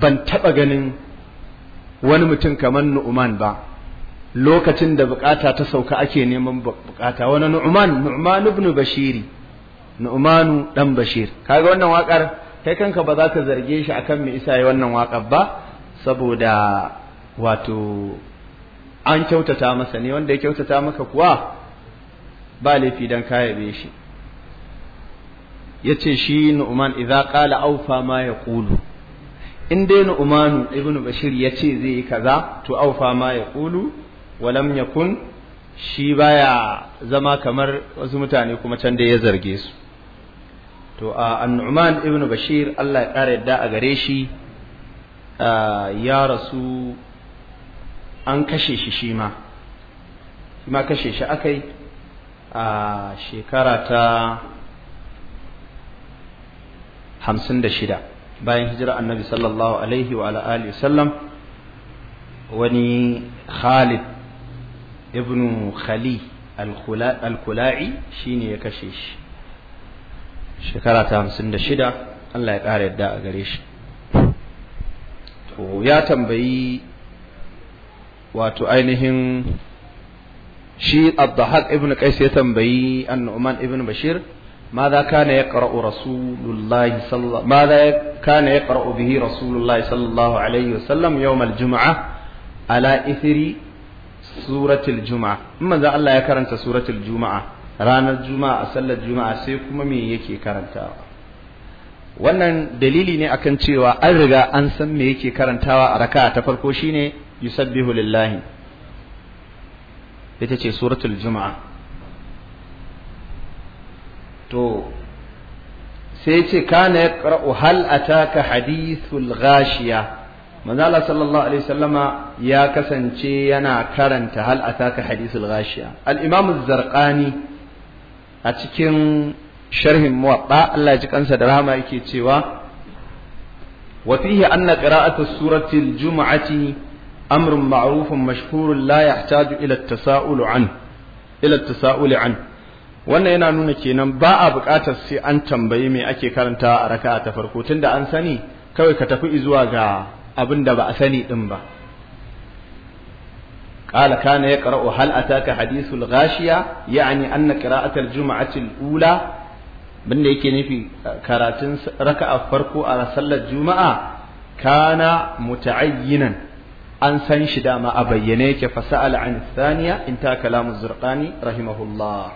ban taɓa ganin wani mutum kamar nu'man ba lokacin da bukata ta sauka ake neman bukata wani nu'man nu'man ibn bashiri nu'manu dan bashir kaga wannan wakar kai kanka ba za ka zarge shi akan me isa yi wannan wakar ba saboda wato an kyautata masa ne wanda ya kyautata maka kuwa ba laifi dan ka yabe shi yace shi nu'man idza qala awfa ma yaqulu in dai nu'manu ibn bashir yace zai yi kaza to awfa ma yaqulu walam yakun shi baya zama kamar wasu mutane kuma can da ya zarge su to a an'uman ibn bashir Allah ya ƙara yadda a gare shi ya rasu an kashe shi shi ma shi ma kashe shi akai a shekara ta hamsin shida bayan hijira annabi sallallahu alaihi wa alihi sallam wani khalid Ibnu khali al-kula'i shine ya kashe shi shekara hamsin da shida Allah ya ƙara yadda a gare shi to ya tambayi wato ainihin shi abdahak Ibnu qais ya tambayi annu'man ibn bashir ماذا كان يقرأ رسول الله صلى الله ماذا كان يقرأ به رسول الله صلى الله عليه وسلم يوم الجمعة على إثر suratul juma'a in manzo Allah ya karanta suratul juma'a ranar juma'a a sallar juma'a sai kuma me yake karantawa wannan dalili ne akan cewa an riga an san me yake karantawa a raka'a ta farko shine yusabbihu lillahi ita ce suratul juma'a to sai ce kana yaqra'u hal ataka hadithul ghashiya manzala sallallahu alaihi wasallama ya kasance yana karanta hal ataka hadisul ghashiya al-imam zarqani a cikin sharhin Muwaɗa, Allah ji kansa da rahama yake cewa wa fihi anna qira'atu surati al-jum'ati amrun ma'rufun mashhurun la yahtaju ila at-tasa'ul an ila at-tasa'ul an wannan yana nuna kenan ba a buƙatar sai an tambayi me ake karantawa a raka'a ta farko tunda an sani kawai ka tafi zuwa ga abin da ba a sani din ba قال كان يقرأ هل أتاك حديث الغاشية يعني أن قراءة الجمعة الأولى من yake nufi karatun raka a farko a sallar juma'a kana muta'ayyinan an san shi dama a bayyane yake fasa'ala an in ta kalamu zurqani rahimahullah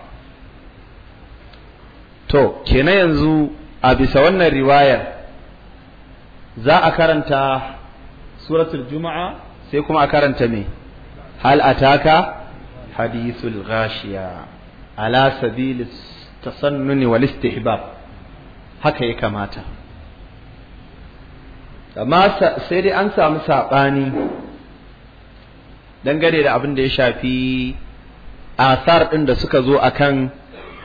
to kena yanzu a bisa wannan riwayar za a karanta suratul juma'a sai kuma a karanta me hal ataka hadithul ghashiya ala sabili tasannuni wal istihbab haka ya kamata amma sai dai an samu sabani dangane da abin da ya shafi asar din da suka zo akan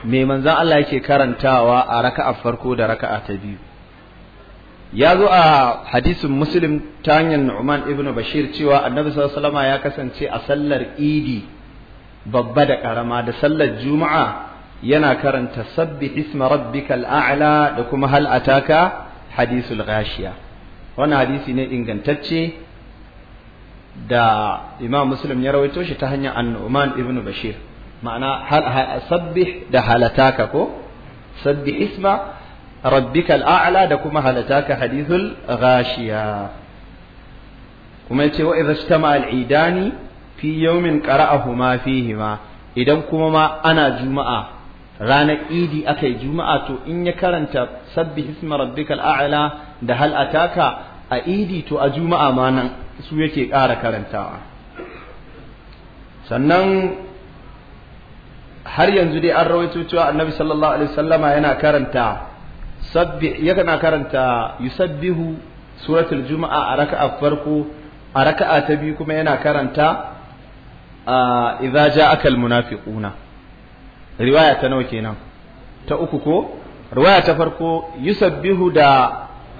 me manzon Allah yake karantawa a raka'a farko da raka'a ta biyu ya zo a hadisin muslim ta hanyar nu'man ibnu bashir cewa annabi sallallahu ya kasance a sallar idi babba da karama da sallar juma'a yana karanta sabbi isma rabbikal a'la da kuma hal ataka hadisul ghashiya wannan hadisi ne ingantacce da imam muslim ya rawaito shi ta hanyar annu'man Ibn bashir ma'ana sabbih da halataka ko sabbi isma rabbikal a'la da kuma halataka hadithul ghashiya kuma yace wa idza istama al-idani fi yawmin qara'ahuma fihima idan kuma ma ana juma'a ranar idi aka juma'a to in ya karanta sabbi isma rabbikal a'la da hal a idi to a juma'a ma su yake kara karantawa sannan har yanzu dai an rawaito cewa annabi sallallahu alaihi wasallama yana karanta sabbi yana karanta yusabbihu suratul juma'a a raka'a farko a raka'a ta biyu kuma yana karanta idza ja'aka almunafiquna riwaya ta nawa kenan ta uku ko riwaya ta farko yusabbihu da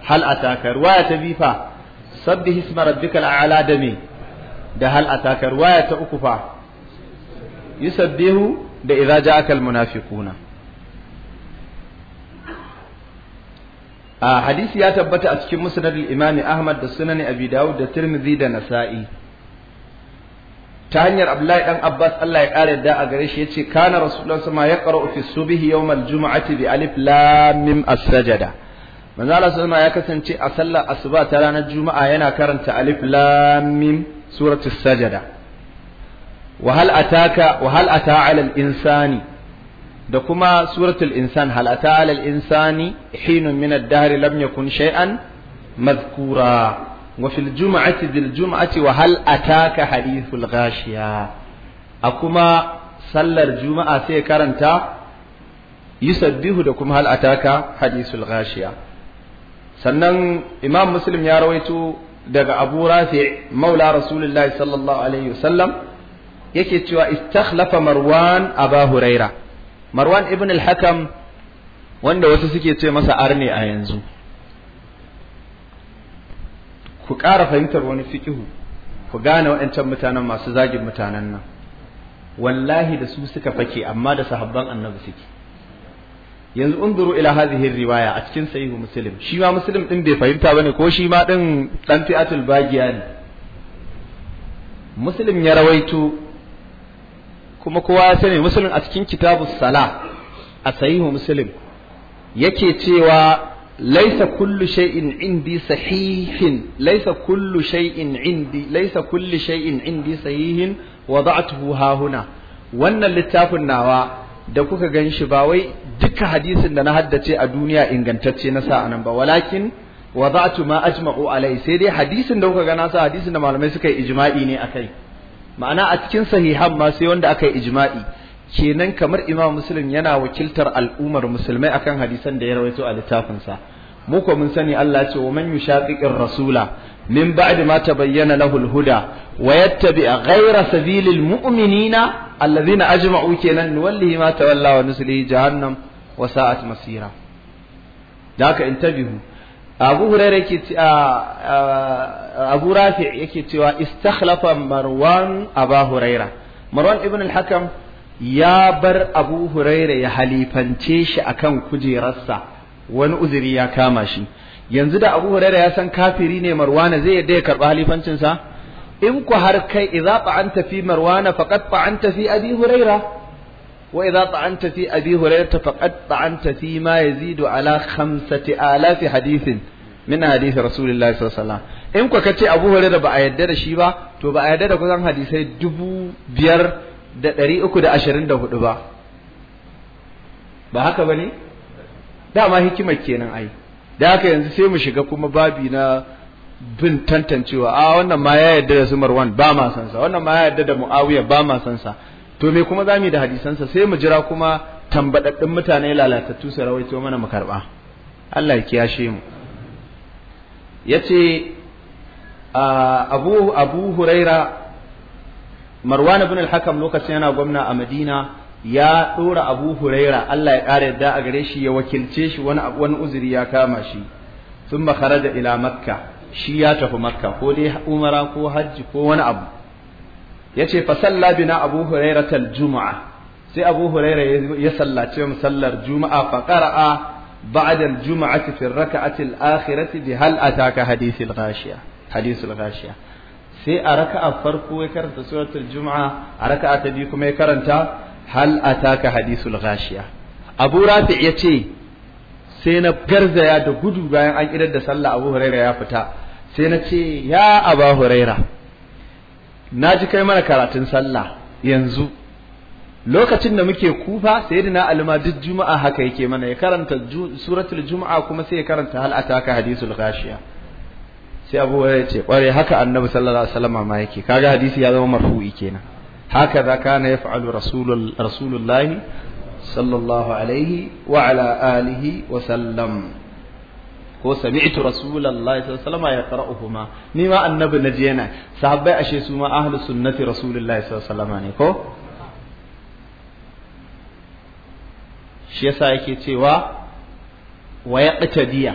hal ataka riwaya ta biyu fa sabbih isma rabbikal a'la da me da hal ataka riwaya ta uku fa yusabbihu da idza ja'aka almunafiquna a hadisi ya tabbata a cikin musnad al-imami ahmad da sunan abi dawud da tirmidhi da nasa'i ta hanyar abdullahi dan abbas Allah ya kare da a gare shi yace kana rasulullah sama ya qara'u fi subh yawm al-jum'ati bi alif lam mim as-sajada manzo Allah sama ya kasance a sallar asuba ta ranar juma'a yana karanta alif lam mim suratu sajada wa hal ataka wa hal ata al-insani da kuma suratul insan hal'ata ata'ala insani hinun min ad-dahr lam yakun shay'an madhkura wa fil jum'ati jum'ati wa hal ataka hadithul ghashiya a kuma sallar juma'a sai karanta yusabbihu da kuma hal ataka hadithul ghashiya sannan imam muslim ya rawaito daga abu rafi maula rasulullahi sallallahu alaihi wasallam yake cewa istakhlafa marwan aba huraira marwan ibn al-hakam wanda wasu suke ce masa arne a yanzu ku ƙara fahimtar wani fikihu ku gane waɗancan mutanen masu zagin mutanen nan wallahi da su suka fake amma da sahabban annabi suke yanzu unzuru ila hadhihi riwaya a cikin sahihu muslim shi ma muslim din bai fahimta bane ko shi ma din dan fi'atul bagiya ne muslim ya rawaito kuma kowa ya sani muslim a cikin kitabus sala a sahihu muslim yake cewa laisa kullu shay'in indi sahihin laisa kullu shay'in indi laisa kullu shay'in indi sahihin wada'tuhu ha huna wannan littafin nawa da kuka gan shi ba wai duka hadisin da na haddace a duniya ingantacce na sa anan ba walakin wada'tu ma ajma'u alai sai dai hadisin da kuka ga na sa hadisin da malamai suka yi ijma'i ne akai ma'ana a cikin sahihan ma sai wanda aka yi ijma'i kenan kamar imam muslim yana wakiltar al'ummar musulmai akan hadisan da ya rawaito a littafinsa mu ko mun sani Allah ce wa man yushaqiqir rasula min ba'di ma tabayyana lahu al-huda wa yattabi ghayra sabilil mu'minina alladhina ajma'u kenan nuwallihi ma tawalla wa nuslihi jahannam wa sa'at masira da haka intabihu abu hurairah yake cewa abu rafi yake cewa istakhlafa marwan aba hurairah marwan ibn al-hakam ya bar abu hurairah ya halifance shi akan kujerarsa wani uzuri ya kama shi yanzu da abu hurairah ya san kafiri ne marwana zai yadda ya karba halifancinsa in ku har kai idza ba'anta fi marwana faqad tafi fi abi hurairah وإذا طعنت في أبي هريرة فقد طعنت فيما يزيد على خمسة ala حديث من حديث رسول الله صلى الله عليه وسلم in ku kace Abu Hurairah ba a yarda da shi ba to ba a yarda da kusan hadisai 5324 ba ba haka bane dama hikimar kenan ai da haka yanzu sai mu shiga kuma babi na bin tantancewa a wannan ma ya yarda da su Marwan ba ma san sa wannan ma ya yarda da Muawiya ba ma san sa to me kuma zamu da hadisansa sai mu jira kuma tambadaddun mutane lalatattu su rawaito mana mu karba Allah ya kiyashe mu yace abu abu huraira marwan ibn al-hakam lokacin yana gwamna a madina ya dora abu huraira Allah ya kare yadda a gare shi ya wakilce shi wani wani uzuri ya kama shi thumma kharaja ila makka shi ya tafi makka ko dai umara ko hajji ko wani abu yace fa fasalla bina abu hurairatal juma'a sai abu huraira ya sallace mu sallar juma'a fa qara'a ba'da al-jum'ati fi rakati al-akhirati bi hal ataka hadith ghashiya hadith ghashiya sai a raka'a farko ya karanta suratul juma'a a raka'a ta biyu kuma ya karanta hal ataka hadith al-ghashiya abu rafi yace sai na garzaya da gudu bayan an idar da sallah abu huraira ya fita sai na ce ya aba huraira na ji kai mana karatun sallah yanzu lokacin da muke kufa sayyidina ali alima duk juma'a haka yake mana ya karanta suratul juma'a kuma sai ya karanta hal ataka hadisul ghashiya sai abu ya ce kware haka annabi sallallahu alaihi wasallam ma yake kaga hadisi ya zama marfu'i kenan haka za kana yaf'alu rasulul rasulullahi sallallahu alaihi wa ala alihi wa sallam ko sami'tu rasulullahi sallallahu alaihi wasallam ni ma annabi naji yana sahabbai ashe su ma ahlus sunnati rasulullahi sallallahu alaihi wasallam ne ko shi yasa yake cewa wa yaqtadiya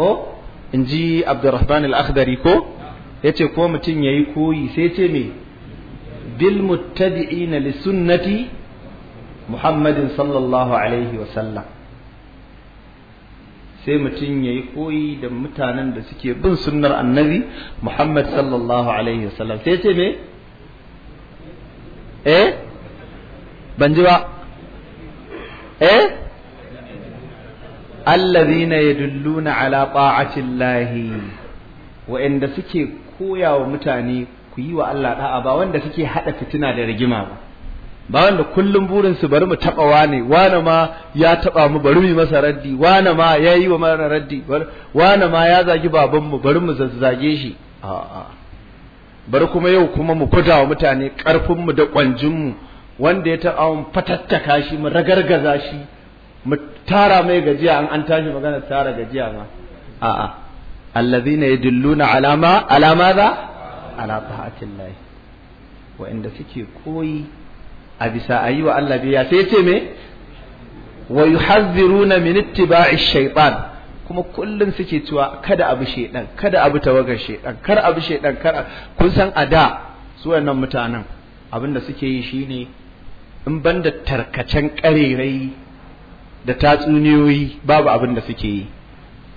ko inji Abdurrahman al-Akhdari ko yace ko mutum yayi koyi sai ce me bil muttabi'ina li sunnati Muhammadin sallallahu alaihi wasallam sai mutum ya yi koyi da mutanen da suke bin sunnar annabi Muhammad sallallahu alaihi wasallam sai ce me eh ban ji ba eh allazina yadulluna ala ta'ati llahi wa'anda suke koya wa mutane ku yi wa Allah da'a ba wanda suke haɗa fitina da rigima ba ba wanda kullum burin su bari mu taba wane wane ma ya taba mu bari mu masa raddi wane ma ya yi wa mara raddi wane ma ya zagi babanmu bari mu zazzage shi a'a bari kuma yau kuma mu kuda wa mutane karfin mu da kwanjin wanda ya taba mu fatattaka shi mu ragargaza shi mu tara mai gajiya an an tashi magana tara gajiya ma a'a allazina yadulluna alama alama za ala ta'atillahi inda suke koyi a bisa a yi wa Allah biya sai ce me wa yuhadhiruna min ittiba'i shaytan kuma kullun suke cewa kada abu shaydan kada abu tawagar shaydan kar abu shaydan kar kun san ada su wannan mutanen abinda suke yi shine in banda tarkacen karerai da tatsuniyoyi babu abin da suke yi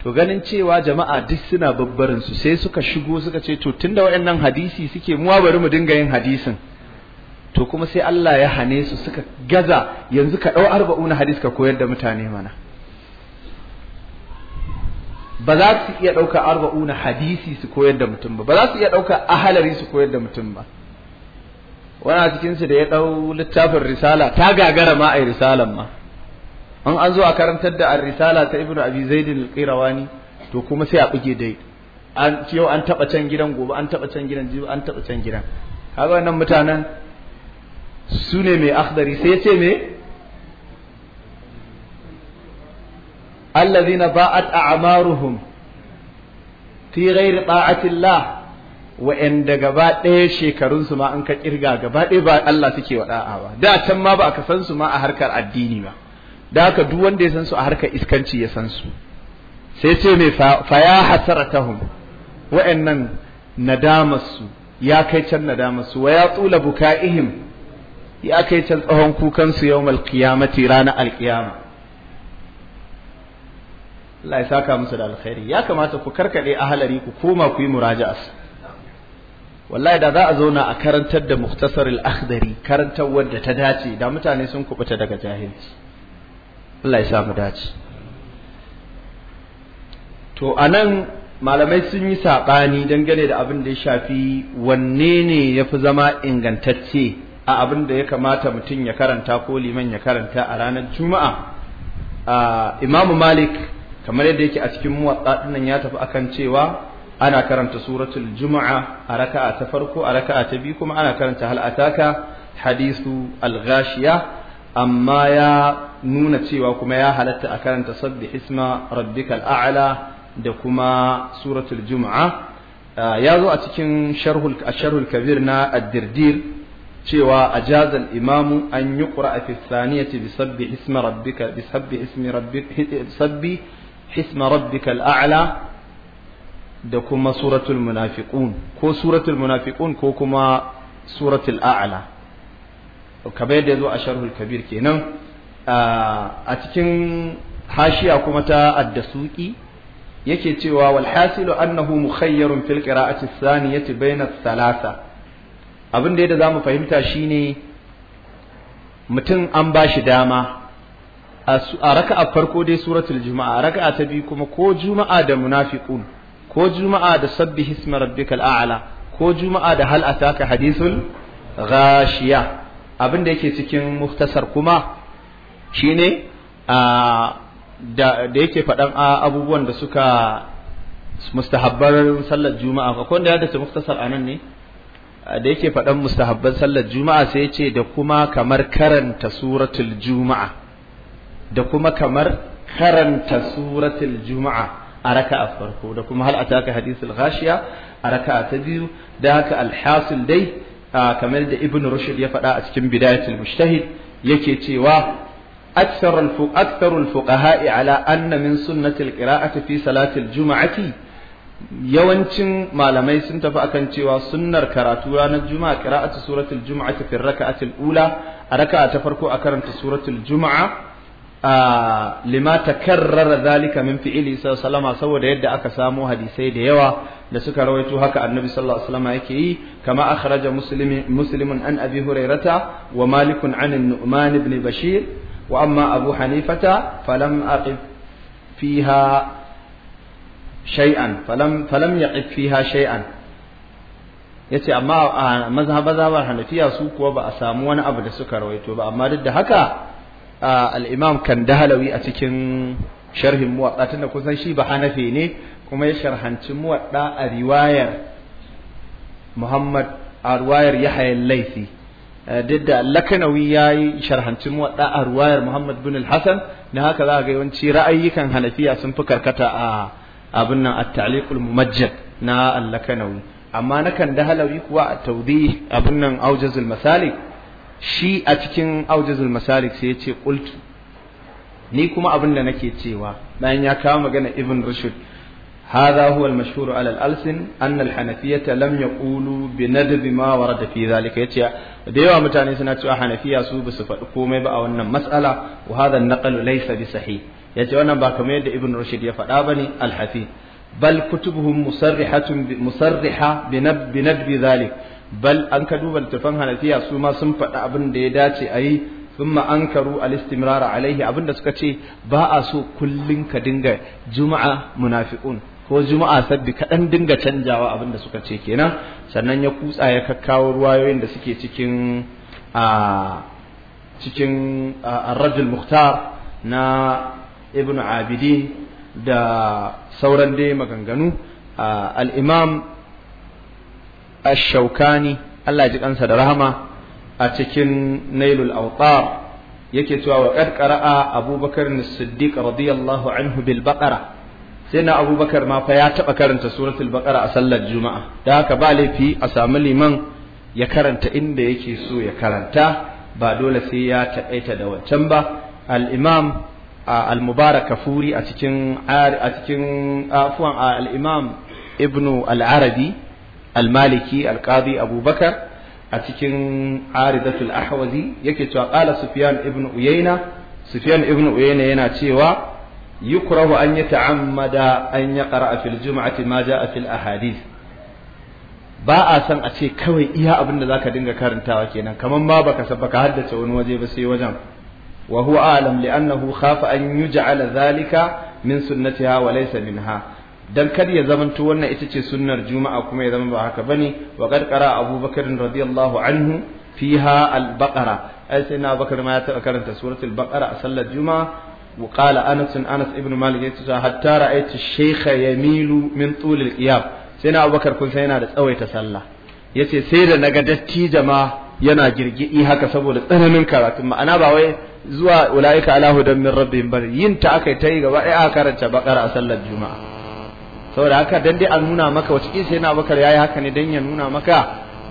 to ganin cewa jama'a duk suna babbarin su sai suka shigo suka ce to tunda waɗannan hadisi suke muwa bari mu dinga yin hadisin to kuma sai Allah ya hane su suka gaza yanzu ka ɗau arba'una hadis ka koyar da mutane mana ba za su iya ɗauka arba'una hadisi su koyar da mutum ba ba za su iya ɗauka ahalari su koyar da mutum ba wani cikinsu da ya ɗau littafin risala ta gagara ma a yi risalan ma an an zo a karantar da risala ta ibnu abi zaidin al-qirawani to kuma sai a buge dai an yau an taɓa can gidan gobe an taɓa can gidan jibi an taɓa can gidan kaga wannan mutanen su ne mai akhdari sai ce me allazina ba'at a'maruhum fi ghairi ta'atillah wa'anda gaba ɗaya shekarun su ma an ka kirga gaba ɗaya ba Allah suke wa da'a ba da can ma ba ka san su ma a harkar addini ba da haka duk wanda ya san su a harkar iskanci ya san su sai ce mai fa ya hasaratahum wa'annan nadamarsu ya kai can nadamarsu wa ya tsula buka'ihim ya kai can tsawon kukansu yawmal qiyamati ranar alkiyama Allah ya saka musu da alkhairi ya kamata ku karkade ahalari ku koma ku yi muraja'as wallahi da za a zauna a karantar da muktasar al karantar wadda ta dace da mutane sun kubuta daga jahilci Allah ya sa mu dace to anan malamai sun yi saɓani dangane da abin da ya shafi wanne ne ya fi zama ingantacce a abin da ya kamata mutum ya karanta ko liman ya karanta a ranar juma'a imamu malik kamar yadda yake a cikin muwatsa dinnan ya tafi akan cewa ana karanta suratul juma'a a raka'a ta farko a raka'a ta biyu kuma ana karanta hal ataka hadisu al amma ya nuna cewa kuma ya halatta a karanta sabbi hisma rabbikal a'la da kuma suratul juma'a ya zo a cikin sharhul kabir na ad-dirdir cewa a jazal imamu an yuqra fi thaniyati bi sabbi ismi rabbika bi sabbi ismi rabbika sabbi isma rabbika al-a'la da kuma suratul munafiqun ko suratul munafiqun ko kuma suratul a'la kamar yadda yazo a sharhul kabir kenan a cikin hashiya kuma ta addasuki yake cewa wal hasilu annahu mukhayyarun fil qira'ati thaniyati bayna thalatha abin da yadda za mu fahimta shine mutum an ba shi dama a raka a farko dai suratul juma'a raka ta biyu kuma ko juma'a da munafiqun ko juma'a da sabbi hismar rabbikal a'la ko juma'a da hal ataka hadithul ghashiya abin da yake cikin muftasar kuma shine a da da yake faɗan abubuwan da suka mustahabbar sallar juma'a ko da ya dace muftasar anan ne da yake faɗan mustahabban sallar juma'a sai ce da kuma kamar karanta suratul juma'a da kuma kamar karanta suratul juma'a a raka'a farko da kuma hal ataka hadisul ghashiya a raka'a ta biyu da haka alhasil dai kamar da ibn rushd ya faɗa a cikin bidayatul mushtahid yake cewa أكثر الفقهاء على أن من سنة القراءة في صلاة الجمعة yawancin malamai sun tafi akan cewa sunnar karatu ranar juma'a qira'atu suratul juma'a fi raka'atil ula a raka ta farko a karanta suratul juma'a a lima takarrara zalika min fi'ili sallama saboda yadda aka samo hadisai da yawa da suka rawaito haka annabi sallallahu alaihi wasallam yake yi kama akhraja muslimin muslimun an abi hurairata wa malikun an nu'man ibn bashir wa amma abu hanifata falam aqif fiha shay'an falam falam yaqif fiha shay'an yace amma a mazhabar Hanafiya su kuwa ba a samu wani abu da suka rawaito ba amma duk da haka al-Imam kan dahalawi a cikin sharhin muwatta tunda kusan shi ba Hanafi ne kuma ya sharhanci muwatta a riwayar Muhammad a riwayar Yahya al eh, duk da Lakanawi ya yi sharhanci muwatta a riwayar Muhammad bin al-Hasan na haka za a ga yawanci ra'ayyukan Hanafiya sun fi karkata a abin nan at-ta'liqul mumajjad na al-lakanawi amma nakan da halawi kuwa a taudi abin nan aujazul masalik shi a cikin aujazul masalik sai ya ce qultu ni kuma abin da nake cewa bayan ya kawo magana ibn rushd هذا هو المشهور على الألسن أن الحنفية لم يقولوا بندب ما ورد في ذلك يتيا ديوا متاني سنة حنفية سوب سفر wannan بأو مسألة وهذا النقل ليس بصحيح yace wannan ba kamar yadda ibn Rashid ya faɗa bane al-hafi bal kutubuhum musarrihatun musarriha bi nadbi zalik bal an ka duba littafan hanafiya su ma sun faɗa abin da ya dace a yi an ankaru al-istimrara alaihi abin da suka ce ba a so kullun ka dinga juma'a munafiqun ko juma'a sabbi kaɗan dinga canjawa abin da suka ce kenan sannan ya kutsa ya kakkawo ruwayoyin da suke cikin a cikin ar-rajul muhtar na ibn abidin da sauran dai maganganu al-imam shaukani Allah ji kansa da rahama a cikin nailul awtar yake cewa wa ƙarƙara a abubakar siddiq radiyallahu anhu bil baqara sai na abubakar ma fa ya taɓa karanta suratul baqara a sallar juma'a da haka ba laifi a samu liman ya karanta inda yake so ya karanta ba dole sai ya taƙaita da wancan ba al-imam al-mubarak kafuri a cikin a cikin afwan al-imam ibn al-arabi al-maliki al-qadi abubakar a cikin aridatul ahwazi yake cewa qala sufyan ibn uyayna sufyan ibn Uyaina yana cewa yukrahu an yata'ammada an a fil jum'ati ma jaa fil ahadith ba a san a ce kawai iya abin da zaka dinga karantawa kenan kaman ma baka sabaka haddace wani waje ba sai wajen wa huwa alam li'annahu khafa an yuj'ala zalika min sunnatiha wa min ha. dan kar ya zamanto wannan ita ce sunnar juma'a kuma ya zama ba haka bane wa qad qara radiyallahu anhu fiha al-baqara ai sai na bakar ma ya taba karanta suratul baqara a sallar juma'a وقال انس انس ابن مالك حتى رايت الشيخ يميل من طول القيام سيدنا ابو بكر كنت yana da tsawaita sallah yace sai da naga dattijo ma yana girgidi haka saboda tsananin karatun ma'ana ba wai zuwa ulaika alahu hudan min rabbihim bari yin ta akai ta gaba ɗaya aka karanta bakara a sallar juma'a saboda haka dan dai an nuna maka wata kisa yana bakar yayi haka ne dan ya nuna maka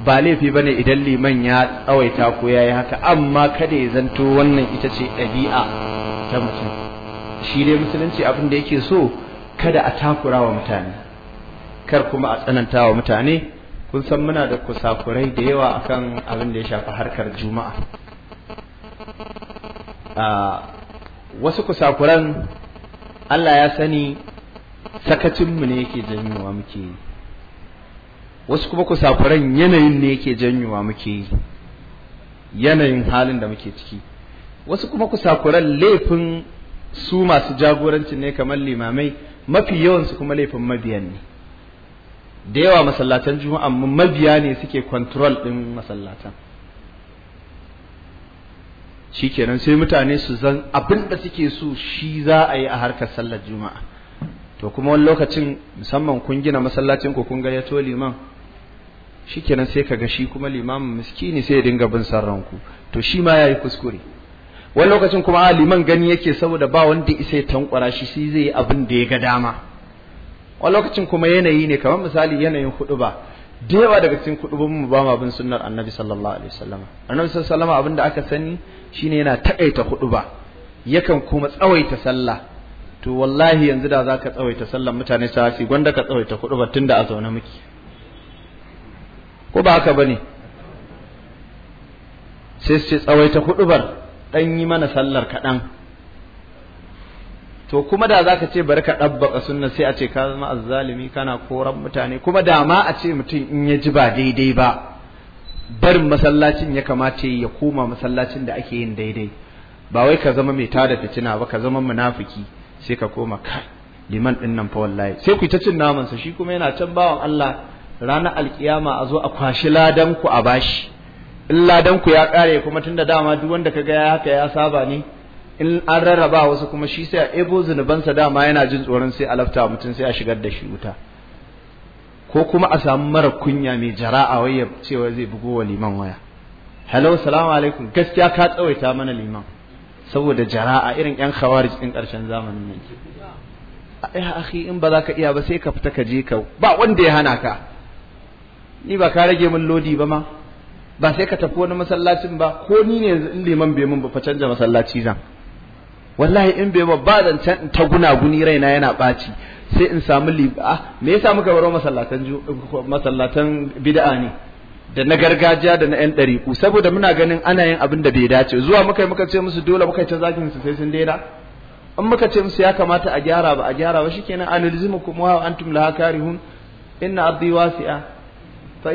ba laifi bane idan liman ya tsawaita ko yayi haka amma kada ya zanto wannan ita ce ɗabi'a ta mutum shi dai musulunci abin da yake so kada a takura wa mutane kar kuma a tsananta wa mutane kun san muna da kusakurai da yawa akan abin da ya shafi harkar juma'a wasu kusakuran Allah ya sani sakacinmu ne yake janyowa muke yi wasu kuma kusakuran yanayin ne yake janyowa muke yi yanayin halin da muke ciki wasu kuma kusakuran laifin su masu jagoranci ne kamar limamai mafi yawansu kuma laifin mabiyan ne da yawa masallatan juma'a mabiya ne suke control din masallatan shikenan sai mutane su zan abin da suke so shi za a yi a harkar sallar juma'a to kuma wani lokacin musamman kun gina masallacin ku kun gayyato liman kenan sai ka ga shi kuma limamin miskini sai ya dinga bin ranku to shi ma yi kuskure wani lokacin kuma a liman gani yake saboda ba wanda isa ya tankwara shi sai zai yi abin da ya ga dama wani lokacin kuma yanayi ne kamar misali yanayin hudu ba da yawa daga cikin kudubin mu ba mu bin sunnar annabi sallallahu alaihi wasallam annabi sallallahu alaihi wasallam aka sani shine yana takaita hudu yakan kuma tsawaita sallah to wallahi yanzu da zaka tsawaita sallah mutane safi gwanda ka tsawaita hudu ba tunda a zaune muke ko ba haka bane sai su ce tsawaita hudu dan yi mana sallar kaɗan to kuma da zaka ce bari ka dabbaka sunna sai a ce ka zama azzalimi kana koran mutane kuma da ma a ce mutum in ya ji ba daidai ba barin masallacin ya kamata ya koma masallacin da ake yin daidai ba wai ka zama mai tada fitina ba ka zama munafiki sai ka koma kai liman din nan fa wallahi sai ku ta cin naman sa shi kuma yana can bawon Allah ranar alkiyama a zo a kwashi ladan ku a bashi in ladan ku ya kare kuma tunda dama duk wanda kaga ya haka ya saba ne in an rarraba wasu kuma shi sai a ebo zunubansa dama yana jin tsoron sai a lafta mutum sai a shigar da shi wuta ko kuma a samu mara kunya mai jara'a wai ya cewa zai bugo wa liman waya hello salamu alaikum gaskiya ka tsawaita mana liman saboda jara'a irin yan khawarij din karshen zamanin nan ai akhi in ba za ka iya ba sai ka fita ka je ka ba wanda ya hana ka ni ba ka rage min lodi ba ma ba sai ka tafi wani masallacin ba ko ni ne yanzu in liman bai mun ba fa canja masallaci zan wallahi in bai ba zancen in ta guna guni raina yana ɓaci sai in samu liba ah, me yasa muka baro masallatan masallatan bid'a ne da na gargajiya da na yan ku. saboda muna ganin ana yin abin da bai dace zuwa muka muka ce musu dole muka ce zakin su sai sun daina in muka ce musu ya kamata a gyara ba a gyara ba shikenan kuma wa antum laha karihun inna ardi wasi'a fa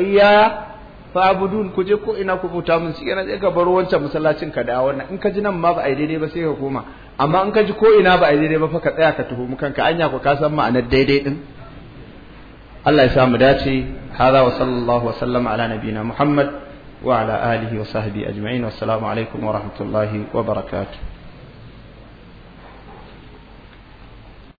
fa abudun ku je ko ina ku bauta mun shikenan sai ka baro wancan masallacin ka da wannan in ka ji nan ma ba yi daidai ba sai ka koma amma in ka ji ko ina ba a daidai ba fa ka tsaya ka tuhumi kanka anya ko ka san ma'anar daidai din Allah ya sa mu dace hada wa sallallahu wa sallama ala nabina Muhammad wa ala alihi wa sahbihi ajma'in wassalamu alaikum wa rahmatullahi wa barakatuh